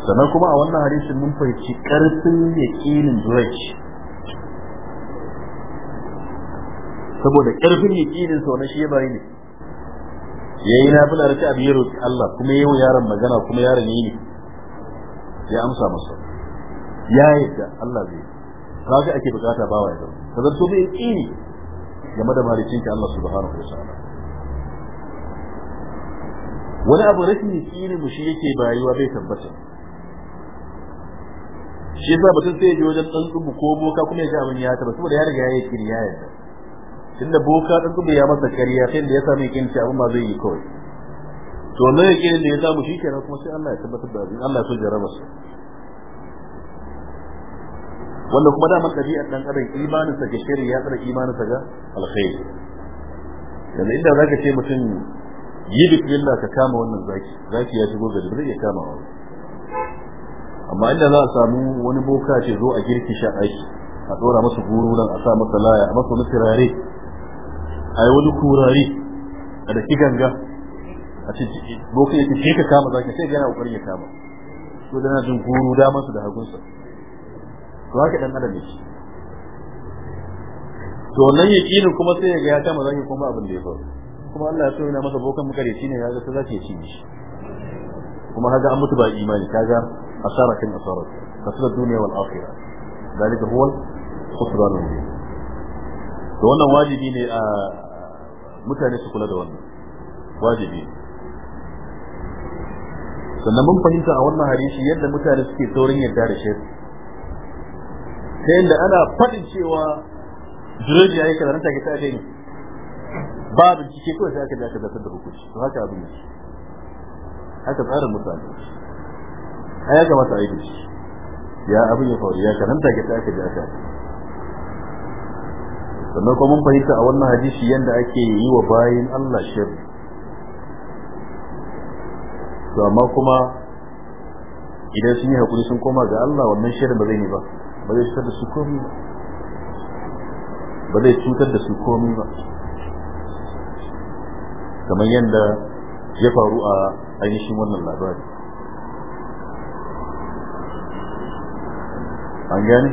sannan kuma a wannan hadisin mun fahimci karfin yaqinin Jurayj saboda karfin yaqinin sa wannan shi ya bari ne yayi na fada raka abiyar Allah kuma yau yaron magana kuma yaron yi ne ya amsa masa ya yadda Allah zai kaga ake bukata bawa ya zama ka zanto bai ƙini game da maricin ki Allah subhanahu wa ta'ala wani abu rashin kini mu shi yake bayuwa bai tabbata shi yasa mutum sai ya je wajen dan tsubu ko boka kuma ya ji abin ya tabbata saboda ya riga ya yi ƙini ya yadda tunda boka dan tsubu ya masa kariya sai da ya sami ƙini abin ba zai yi kawai to nan yake da ya samu shi kenan kuma sai Allah ya tabbatar da Allah ya so jarabar su wanda kuma daman ɗabi'ar ɗan adam imanin sa ga shari ya tsara imanin sa ga alkhairi yanzu inda zaka ce mutum yi bismillah ka kama wannan zaki zaki ya shigo gari ba zai iya kama wani amma inda za a samu wani boka ce zo a girki sha aiki a ɗora masa guru nan a sa masa laya a masa wani turare a yi wani kurare a da ganga a ce boka ya ce ka kama zaki sai gana ƙoƙarin ya kama to dana jin guru su da hagunsa to ka dan adam ne to nan yakinin kuma sai ya ga ya kama zan yi kuma abin da ya faru kuma Allah ya so yana masa bokan makareci ne ya ga ta za ta yi shi kuma haka an mutu ba imani kaga asara kin asara kasar duniya wal akhirah dalika huwa khusran mubin to wannan wajibi ne a mutane su kula da wannan wajibi sannan mun fahimta a wannan hadisi yadda mutane suke saurin yarda da shi ta yadda ana faɗin cewa jirage ya yi kaza nan take ta ne ba bincike kawai sai aka aka zartar da hukunci to haka abin yake haka tsarin mutane ai ya kamata a yi bincike ya abin ya faru ya ka nan take ta aka aka sannan kuma mun fahimta a wannan hadisi yadda ake yi wa bayin Allah shirri to amma kuma idan sun yi hakuri sun koma ga Allah wannan shirin ba zai ne ba ba zai cutar da su komi ba kamar yadda ya faru a ainihin wannan labari an gani?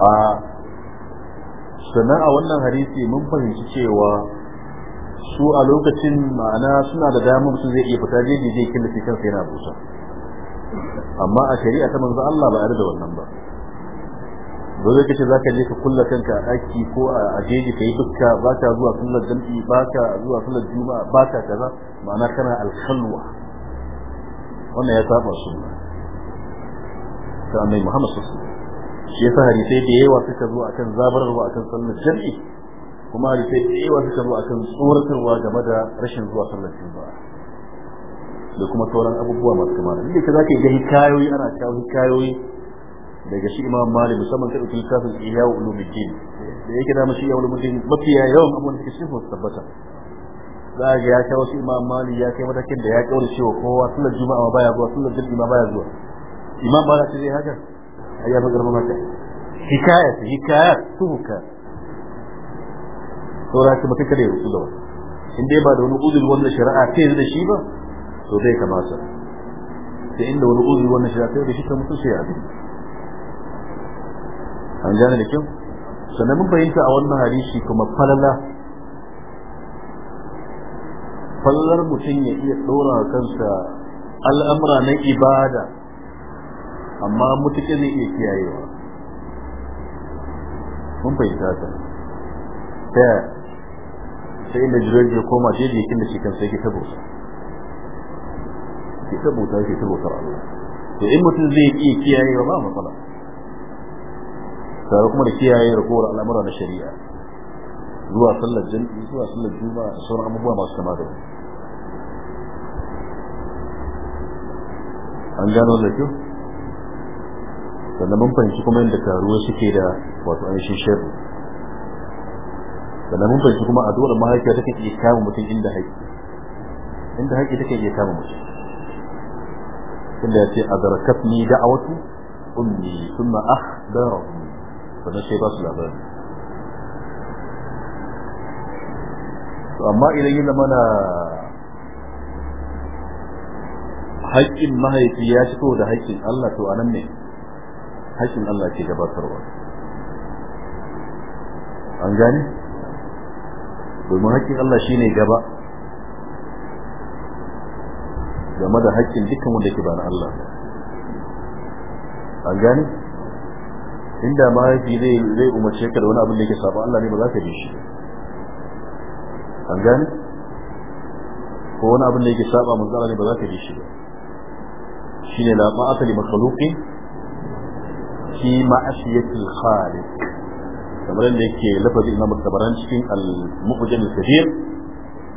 a sannan a wannan harisi mun fahimci cewa su a lokacin ma'ana suna da damar su zai iya fita jeji zai killace kansa yana busa amma a shari'a ta manzo Allah ba yarda da wannan ba dole kace zaka je ka kulla kanka a daki ko a jeji kai dukka ba ka zuwa sallar jami'i ba ka zuwa sallar juma'a ba ka kaza ma'ana kana al-khalwa wannan ya saba sunna ta annabi Muhammad sallallahu alaihi wasallam shi yasa hadisai da yawa suka zo akan zabarwa akan sallar jami'i kuma hadisai da yawa suka zo akan tsoratarwa game da rashin zuwa sallar juma'a da kuma sauran abubuwa masu kama da yake zaka ga hikayoyi ana kawo hikayoyi daga shi Imam Malik musamman ta ɗauki kafin Ihya Ulumuddin da yake da mashi Ihya Ulumuddin mafi yawan abun da shi su tabbata za ga ya kawo shi Imam Malik ya kai matakin da ya kawo cewa kowa sunan juma'a ma baya zuwa sunan jami'a ma baya zuwa Imam Malik sai ya haka ayya ba garba mata hikayat hikayat suhuka saura ki mutum kada ya rusu da wani in dai ba da wani uzuri wanda shari'a ce da shi ba to bai kamata sai inda wani uzuri wannan shi sai da shi ta mutu sai abin an gane da kyau sannan mun fahimta a wannan hadisi kuma falala falalar mutum ya iya ɗora kansa al'amura na ibada amma mutuƙe zai iya kiyayewa mun fahimta ta ta sai da jirage koma shi yakin da shi kan sai ki tabo ke ta bauta ke ta bautar Allah to in mutum zai iya kiyaye ba matsala tare kuma da kiyaye da ragowar al'amura na shari'a zuwa sallar jami'i zuwa sallar juma'a da sauran abubuwa masu kama da an gano da kyau sannan mun fahimci kuma yadda karuwa suke da wato ainihin sharri sannan mun fahimci kuma a addu'ar mahaifiya take iya kama mutum inda haƙƙi inda haƙƙi take iya kama mutum tunda ya ce adarakatni da'awatu ummi thumma ahdarahu sannan sai ba su labari to amma idan yana mana haƙƙin mahaifi ya fito da haƙƙin Allah to anan ne haƙƙin Allah ke gabatarwa an gane domin haƙƙin Allah shine gaba game da haƙƙin dukkan wanda yake ba na Allah an gane inda mahaifi zai zai umarce ka da wani abin da yake saba Allah ne ba za ka bi shi an gani ko wani abin da yake saba manzo Allah ne ba za ka bi shi ba shine la ma'ata li makhluqi fi ma'asiyati al-khaliq kamar da yake lafazin Imam Tabarani cikin al-Muqaddam al-Kabir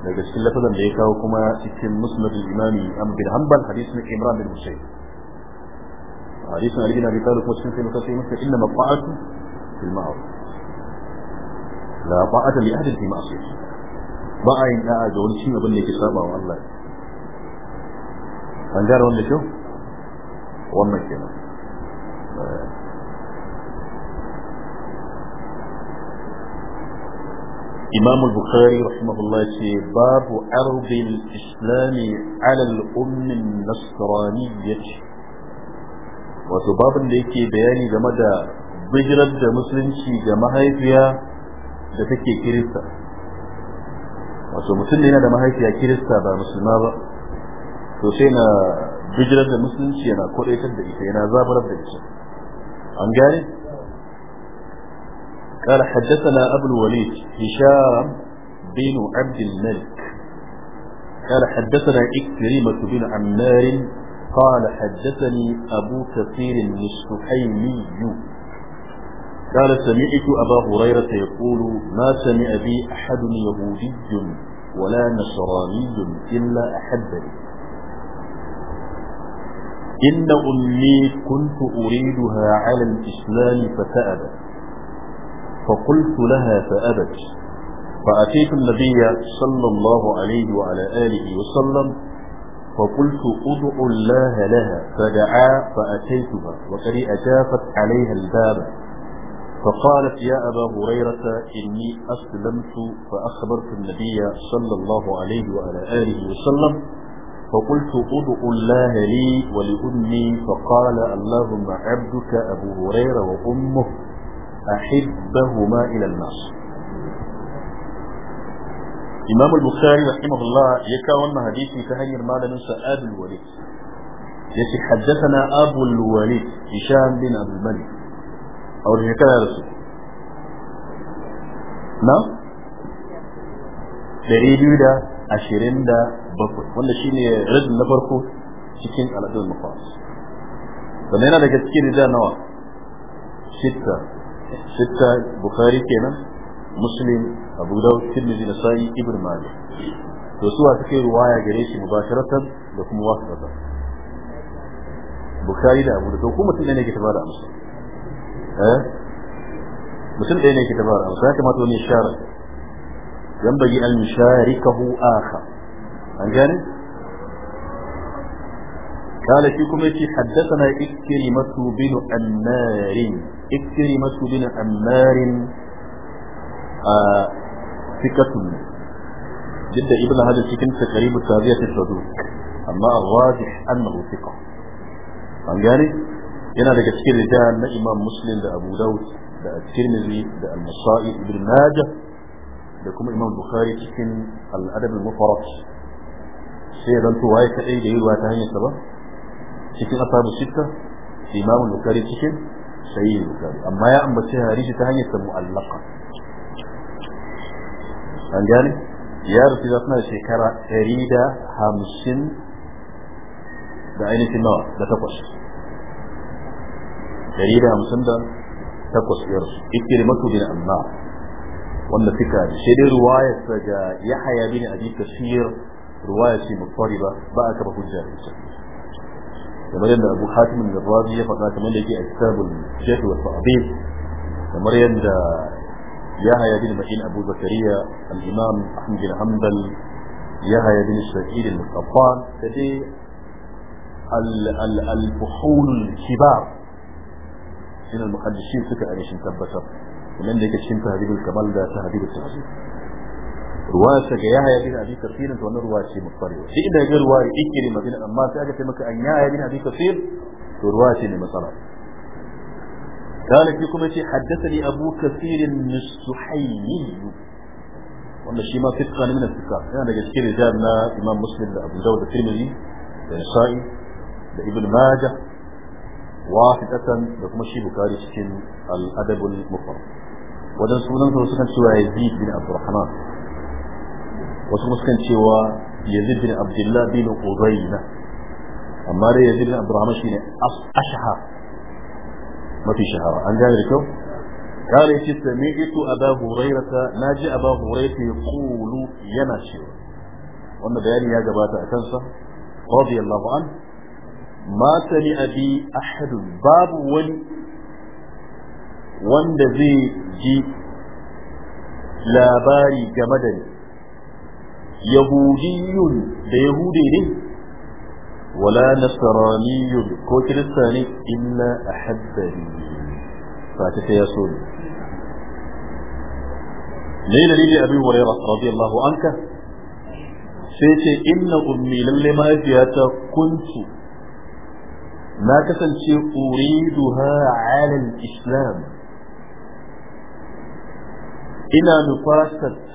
daga cikin lafazan da ya kawo kuma cikin musnad al-imami Ahmad bin Hanbal hadisin Imran bin Husayn hadisin Ali bin Abi Talib kuma cikin sai muka sai muka inna mafa'atu fil ma'ruf la fa'ata li ahadin fi ma'siyah ba a yin da'a ga wani cin abin da yake saba wa Allah an gara wanda kyau wannan kenan imam al-bukhari rahimahullah ce babu ardil islami ala al-ummin nasraniyyati wato babin da yake bayani game da bijirar musulunci ga mahaifiya da take kirista wato mutum ne yana da mahaifiya kirista ba musulma ba sosai sai na bijirar musulunci yana kwadaitar da ita yana zabarar da ita an قال حدثنا أبو الوليد هشام بن عبد الملك قال حدثنا إكريمة بن عمار قال حدثني أبو كثير السحيمي قال سمعت أبا هريرة يقول ما سمع بي أحد يهودي ولا نصراني إلا أحبني إن أمي كنت أريدها على الإسلام فتأبت فقلت لها فأبت فأتيت النبي صلى الله عليه وعلى آله وسلم فقلت أدع الله لها فدعا فأتيتها وقد أجافت عليها الباب فقالت يا أبا هريرة إني أسلمت فأخبرت النبي صلى الله عليه وعلى آله وسلم فقلت أدع الله لي ولأمي فقال اللهم عبدك أبو هريرة وأمه أحبهما إلى الناس إمام البخاري رحمه الله يكاون حديثي تهير مالا ننسى أبو الوليد يسي حدثنا أبو الوليد هشام بن أبو الملك أو هكذا يا رسول نعم dari biyu da ashirin da bakwai wanda shine rajin na farko cikin al'adun mafas sannan yana daga cikin rida sitta bukhari kenan muslim abu dawud tirmidhi nasa'i ibn majah to suwa suke ruwaya gare shi mubasharatan da kuma wasata bukhari da abu dawud kuma mutum ne ke tabara amsa eh mutum ɗaya ne ke tabara amsa ya kamata wani shara yan bagi an sharikahu akha an gane قال في كوميتي حدثنا إكرمة بن أمار إكرمة بن أمار آه، ثقة آه جد ابن هذا الشكل تقريب التابعة الحدود أما الراجح أنه ثقة قال يعني هنا لك تشكيل رجال إمام مسلم لأبو داود لأترمذي لأنصائي ابن ماجه لكم إمام البخاري تشكيل الأدب المفرط سيد أنتو هاي كأي جيد وهاي تهيئة cikin asabu sita imam al-bukhari cikin sahih al-bukhari amma ya ambace hadisi ta hanyar mu'allaqa an gani ya rufi da suna shekara 150 da ainihin nawa da takwas 150 da takwas ya rufi ikirmatu bin amma wanda fika shi da ruwayar sa ga yahya bin abi kasir ruwaya shi mutariba ba aka ba hujja kamar yadda abu hatim bin razi ya faɗa kamar da yake a kitabul jahl wa ta'dil kamar yadda yahya bin ma'in abu zakariya al-imam ahmad bin hanbal yahya bin shakir al-qattan sai al-fuhul kibar min al-muhaddishin suka arishin tabbatar kamar da yake cikin tahdhibul kamal da tahdhibul tafsir ruwayar ta ga yahaya bin abi kafir to wannan ruwaya ce mutfarwa shi inda ga ruwaya ikrima bin amma sai aka ce maka an yahaya bin abi kafir to ruwaya ce ne matsala قال فيكم شيء حدثني أبو كثير السحيمي وأن شيء ما فتقا من الفقه أنا جسكي رجالنا إمام مسلم أبو داود الترمذي النسائي ابن ماجه واحدة لكم شيء بكاري شكل الأدب المفرد wajen sunan sa sukan cewa Yazid bin Abdurrahman wasu muskan cewa yazid bin abdullah bin uzayna amma dai yazid bin abdurrahman shine ashhar mafi shahara an gane da kyau قال سمعت أبا هريرة ناجي أبا هريرة يقول يناشي وأن بياني يا جبات أتنسى رضي الله عنه ما سمع بي أحد باب ولي wanda zai ji labari game da ni يهودي ده يهودي ده ولا نصراني كو الثاني إلا أحبه فاتك يا سول ليلة ليلة أبي وريرة رضي الله عنك سيتي إن أمي للي ما كنت ما كسنتي أريدها على الإسلام إلى نفاستك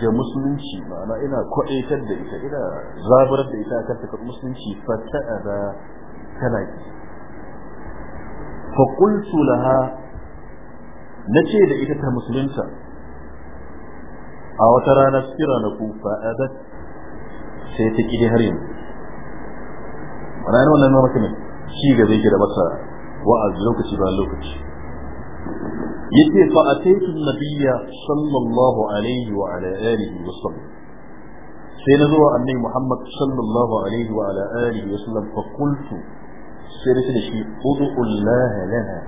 da musulunci ma'ana ina kwaɗaitar da ita ina zabar da ita akan takar musulunci fata da tana ki fa qultu na ce da ita ta musulunta a wata rana su kira na kufa a da sai ta kide har yanzu ranar wannan mamakin shi ga zai kira masa wa'azi lokaci ba lokaci yace fa ataitu nabiyya sallallahu alaihi wa ala alihi wa sallam sai na zo annabi Muhammad sallallahu alaihi wa ala alihi wa sallam fa qultu sai nace da shi ud'u Allah lana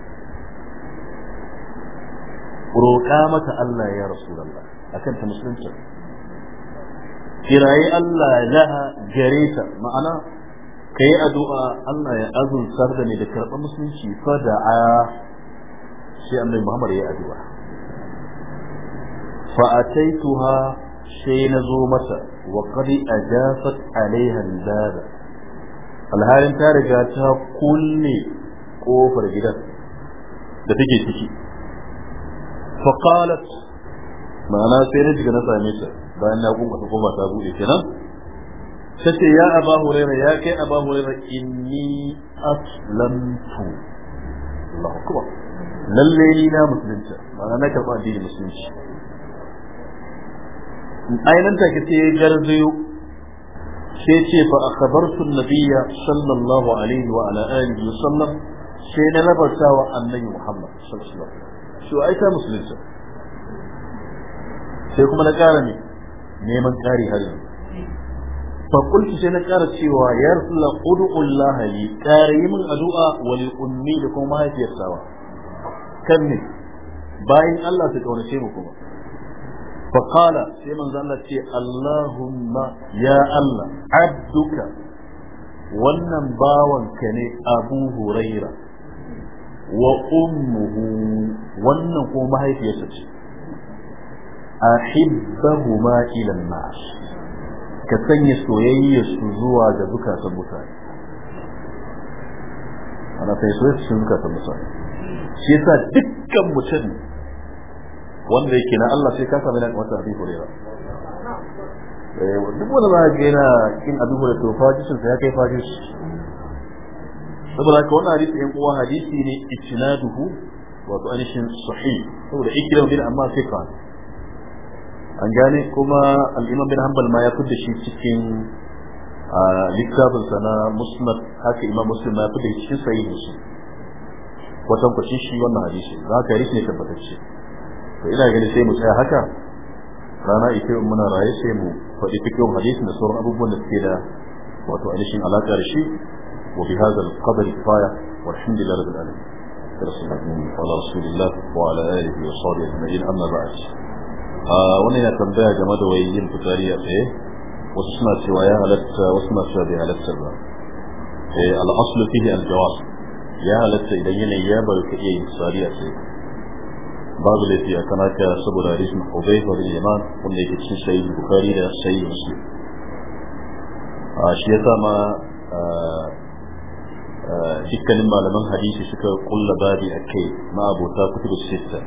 roƙa mata Allah ya rasulullah akan ta musulunta kirayi Allah laha gare ta ma'ana kai addu'a Allah ya azuntar da ni da karɓar musulunci fa da'a sai annabi Muhammad ya addu'a fa ataituha sai na zo mata wa qad ajafat alaiha al-bab alhalin ta riga ta kunne kofar gidan da take ciki fa qalat ma'ana sai na shiga na same ta bayan na gunga ta koma ta bude kenan tace ya aba hurairah ya kai aba hurairah inni aslamtu Allahu akbar lalle ni na musulunci ma'ana na karɓa addini musulunci ainihin take sai garzayo sai ce fa akhbartu nabiyya sallallahu alaihi wa ala alihi wa sallam sai na labarta wa annabi Muhammad sallallahu alaihi wa sallam shi ai musulunci sai kuma na ƙara ne neman ƙari har yanzu فقلت سينا كارا سيوا يرسل قدو الله لي كاري من أدوء ولأمي لكم ما يتيسوا kan ne bayan Allah su kaunace mu kuma faqala sai manzo Allah ce Allahumma ya Allah abduka wannan bawanka ne Abu Huraira wa ummuhu wannan ko mahaifiyarsa ce ahibbahuma ila nas ka sanya soyayya su zuwa ga dukkan mutane ana sai soyayya su zukatan mutane shi yasa dukkan mutum wanda yake na Allah sai ka sami na wata abin hurera eh, duk wanda za ga yana kin abin hurera to fajishin sa ya kai fajish saboda ka wannan hadisi yan uwa hadisi ne isnaduhu wato anishin sahih saboda ikram bin amma fiqa an gane kuma al bin hanbal ma ya fidda shi cikin ah, littafin sa na musnad haka imam muslim ma ya fidda cikin sahih muslim watan kwacin shi wannan hadisi za ka yi ne tabbatacce to ina gani sai mu tsaya haka rana ita in muna raye sai mu fadi cikin hadisin da sauran abubuwan da suke da wato alishin alaka da shi wa bi hadha al-qadr kifaya walhamdulillahi rabbil alamin ala rasulillah wa ala alihi wa sahbihi ajma'in amma ba'd wannan yana tambaya game da wai fitari a tsaye wasu suna cewa ya halatta wasu suna cewa bai halatta ba al-aslu fihi al-jawaz ya halatta idan yanayi ya bari ka iya yin tsari a tsaye babu laifi a kan haka saboda rishin Ubay bin Yaman wanda yake cikin sahih bukari da sahih shi a shi yasa ma dukkanin malaman hadisi suka kulla babi a kai ma abota kutubu sitta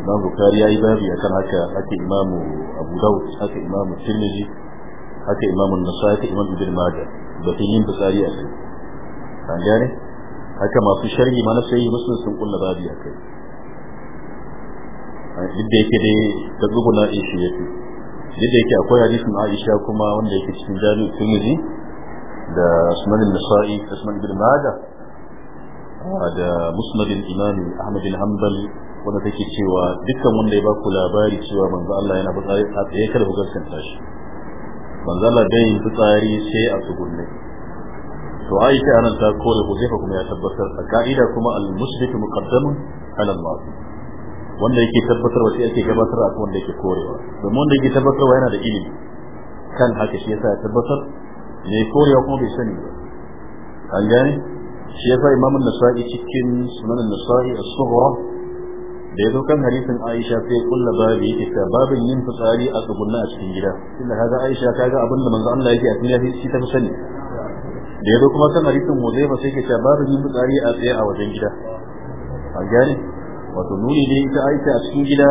Imam Bukhari yayi babi akan haka ake imamu Abu daud haka imamu Tirmidhi haka imamu An-Nasa'i haka imamu Ibn Majah da yin tsari a kai an gane haka masu sharhi ma na sai musulun sun kulla babi a kai duk da yake dai da na ishi ya fi duk da yake akwai hadisin aisha kuma wanda yake cikin jami'in turmizi da sunanin nasa'i da sunan ibn majah da musnadin imanin ahmad bin hanbal wanda take cewa dukkan wanda ya baku labari cewa manzo Allah yana bukari a tsaye kada ku gaskanta shi manzo Allah bai fitsari sai a tsugunne to Aisha nan ta kore Huzaifa kuma ya tabbatar a ka'ida kuma al-mushrik muqaddamun ala Allah wanda yake tabbatar wa sai ake gabatar akan wanda yake korewa domin wanda yake tabbatar wa yana da ilimi kan haka shi yasa ya tabbatar ne korewa kuma bai sani ba an gane shi yasa Imam an-Nasa'i cikin Sunan an-Nasa'i as-Sughra da ya zo kan hadisin Aisha sai ya babi ita babin yin fitsari a tsugunna a cikin gida tunda kaga Aisha kaga abinda da manzo Allah yake a cikin shi ta fi sani da yazo kuma san hadisin Huzaifa sai ke cewa babu yin fitsari a tsaye a wajen gida a gane wato nuni ne ita Aisha a cikin gida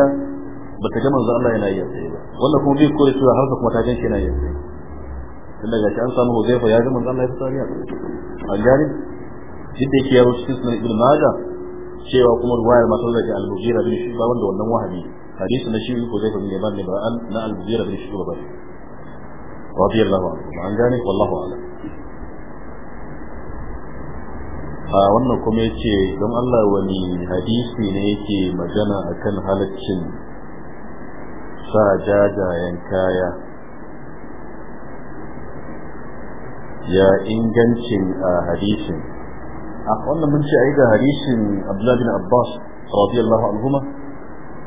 bata ga manzo Allah yana yi a tsaye ba wanda kuma bai kore cewa har kuma ta ganshi yana yi a tsaye tunda ga an samu Huzaifa ya ga manzo Allah ya fitsari a tsaye a gane duk da yake ya rubuta sunan Ibn Majah cewa kuma ruwayar matar da al-Mughira bin Shu'ba wanda wannan wahabi hadisi na shi ko zai bin Yaman ne ba na al-Mughira bin Shu'ba ba radiyallahu anhu an gane wallahu a'lam a wannan kuma yace don Allah wani hadisi ne yake magana akan halaccin sa jajayen kaya ya ingancin a hadisin a wannan mun ce ai ga hadisin Abdullah bin Abbas radiyallahu anhuma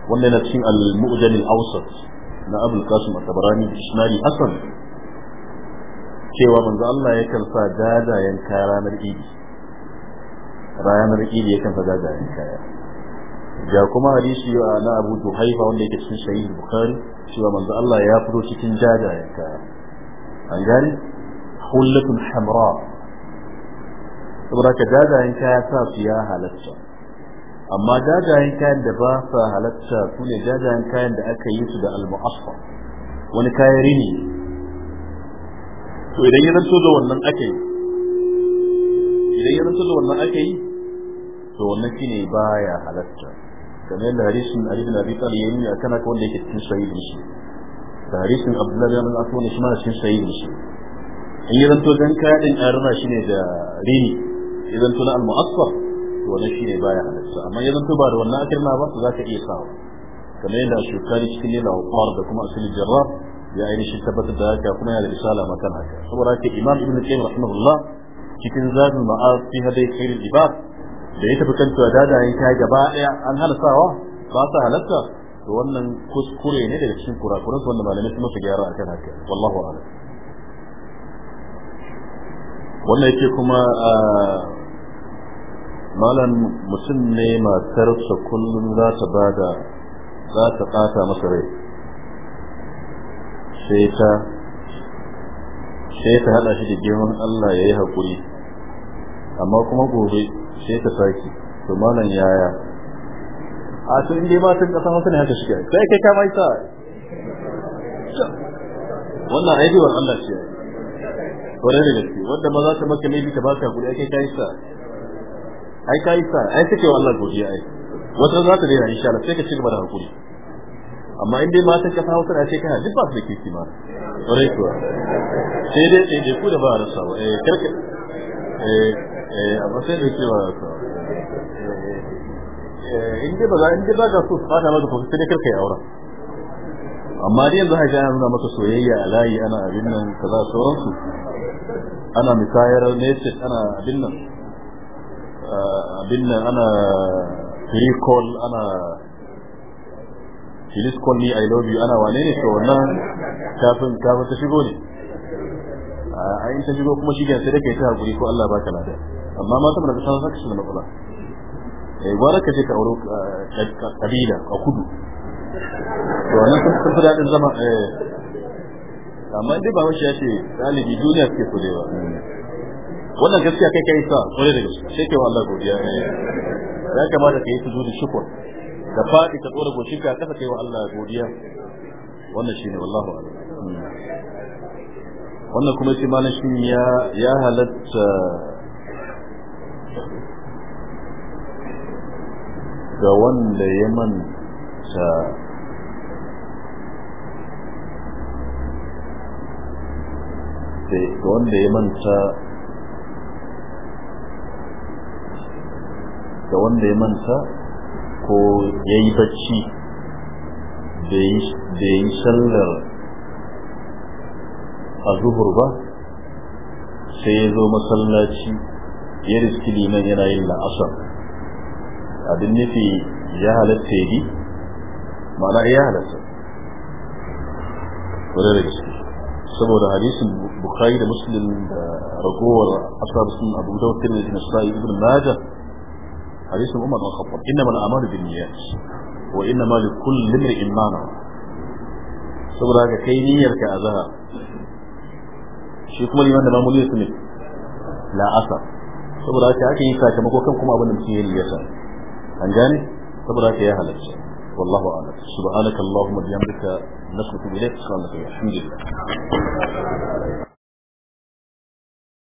wannan na cikin al-mu'jam al-awsat na Abu al-Qasim at-Tabarani isnadi hasan cewa manzo Allah yakan sa jajayen kaya ranar Idi ranar idi ya kan faga garin kaya ga kuma hadisi na Abu Duhaifa wanda yake cikin Sahih Bukhari cewa manzo Allah ya fito cikin jajayen kaya an gani hullatun hamra saboda ka jajayen kaya sa su ya halatta amma jajayen kayan da ba sa halatta su ne jajayen kayan da aka yi su da al wani kayan ne. to idan ya zanto da wannan ake yi idan ya rasu da wannan aka yi to wannan shine baya halatta kamar yadda hadisin Ali bin Abi Talib yayi ne akan haka wanda yake cikin sahih shi da hadisin Abdullah bin Abi Talib shi ma cikin sahih shi in ya zanto dan kadin shi ne da rini idan tuna al-mu'assar to wannan shine baya halatta amma ya zanto ba da wannan akirna ba za ka iya sawa kamar yadda a shukari cikin lela wa da kuma asali jarrab ya ainihin tabbatar da haka kuma yana da risala makan haka saboda haka imam ibn qayyim rahimahullah cikin zadul ma'az fi hadai khairul ibad da ya tafi kan cewa dadayen kai gaba daya an halasawa ba sa halatta to wannan kuskure ne daga cikin kurakuran su wanda malamai sun su gyara akan haka wallahu a'lam wannan yake kuma malam mutum ne matarsa kullum za ta bada za ta ɓata masa rai sai ta sai ta haɗa shi da girman Allah ya yi haƙuri amma kuma gobe sai ka saki to malan yaya a to inda sun kasan wasu ne haka shi kai kai ka mai sa wannan aibi wa Allah shi kore ne shi wanda maza ta maka ne ta baka guda kai kai sa ai kai sa ai take wa Allah godiya ai wata za ta dena insha Allah sai ka ci gaba da hakuri amma in dai matan kasan wasu ne sai kana duk ba su da kike ma kore kuwa sai dai sai dai ku da ba rasa eh karka eh eh amma sai da cewa eh, eh in dai ba in dai ba ka so da maka ko sai karka yi aure amma dai yanzu haka ana maka soyayya a layi ana abin nan kaza sauransu ana misayar ne ana abin nan eh, abin nan ana recall ana please call me i love you ana wane ne to wannan kafin kafin ta shigo ne a in ta shigo kuma shi sai da kai ta hakuri ko Allah baka lada amma mata mun da san saka shi da matsala eh gwara ka je ka auro eh, kabila a kudu to wannan kun da din zama eh amma dai ba ya yace dalibi duniya ke kudewa wannan gaskiya kai kai sa kore da gaskiya sai ke wallahi godiya ya kamata kai su zuwa shukur da fadi ka tsora ka kasa kai wa Allah godiya wannan shine wallahi a'lam hmm. wannan kuma shi malam shi ya ya halatta ga wanda ya manta ga wanda ya manta ga wanda ya manta ko ya yi bacci da ya yi sallar a zuhur ba sai ya zo masallaci ya riski liman yana yin la'asar abin nufi ya halatta ya bi ma'ana ya halatta wadda da gaske saboda hadisin bukhari da muslim da ragowar asar sun abu da wakil da nasa'i ibn majah hadisin umar bin khattab inna mal amalu bin niyyat wa inna ma likulli imrin ma nawa saboda ka kai niyyar ka azhar shi kuma liman da mamuli ya ne la asar saboda haka ake yi sakamako kan kuma abin da mutum ya yi an gane saboda haka ya halarci wallahu a'lam سبحانك اللهم وبحمدك نسبة اليك سبحانك الحمد لله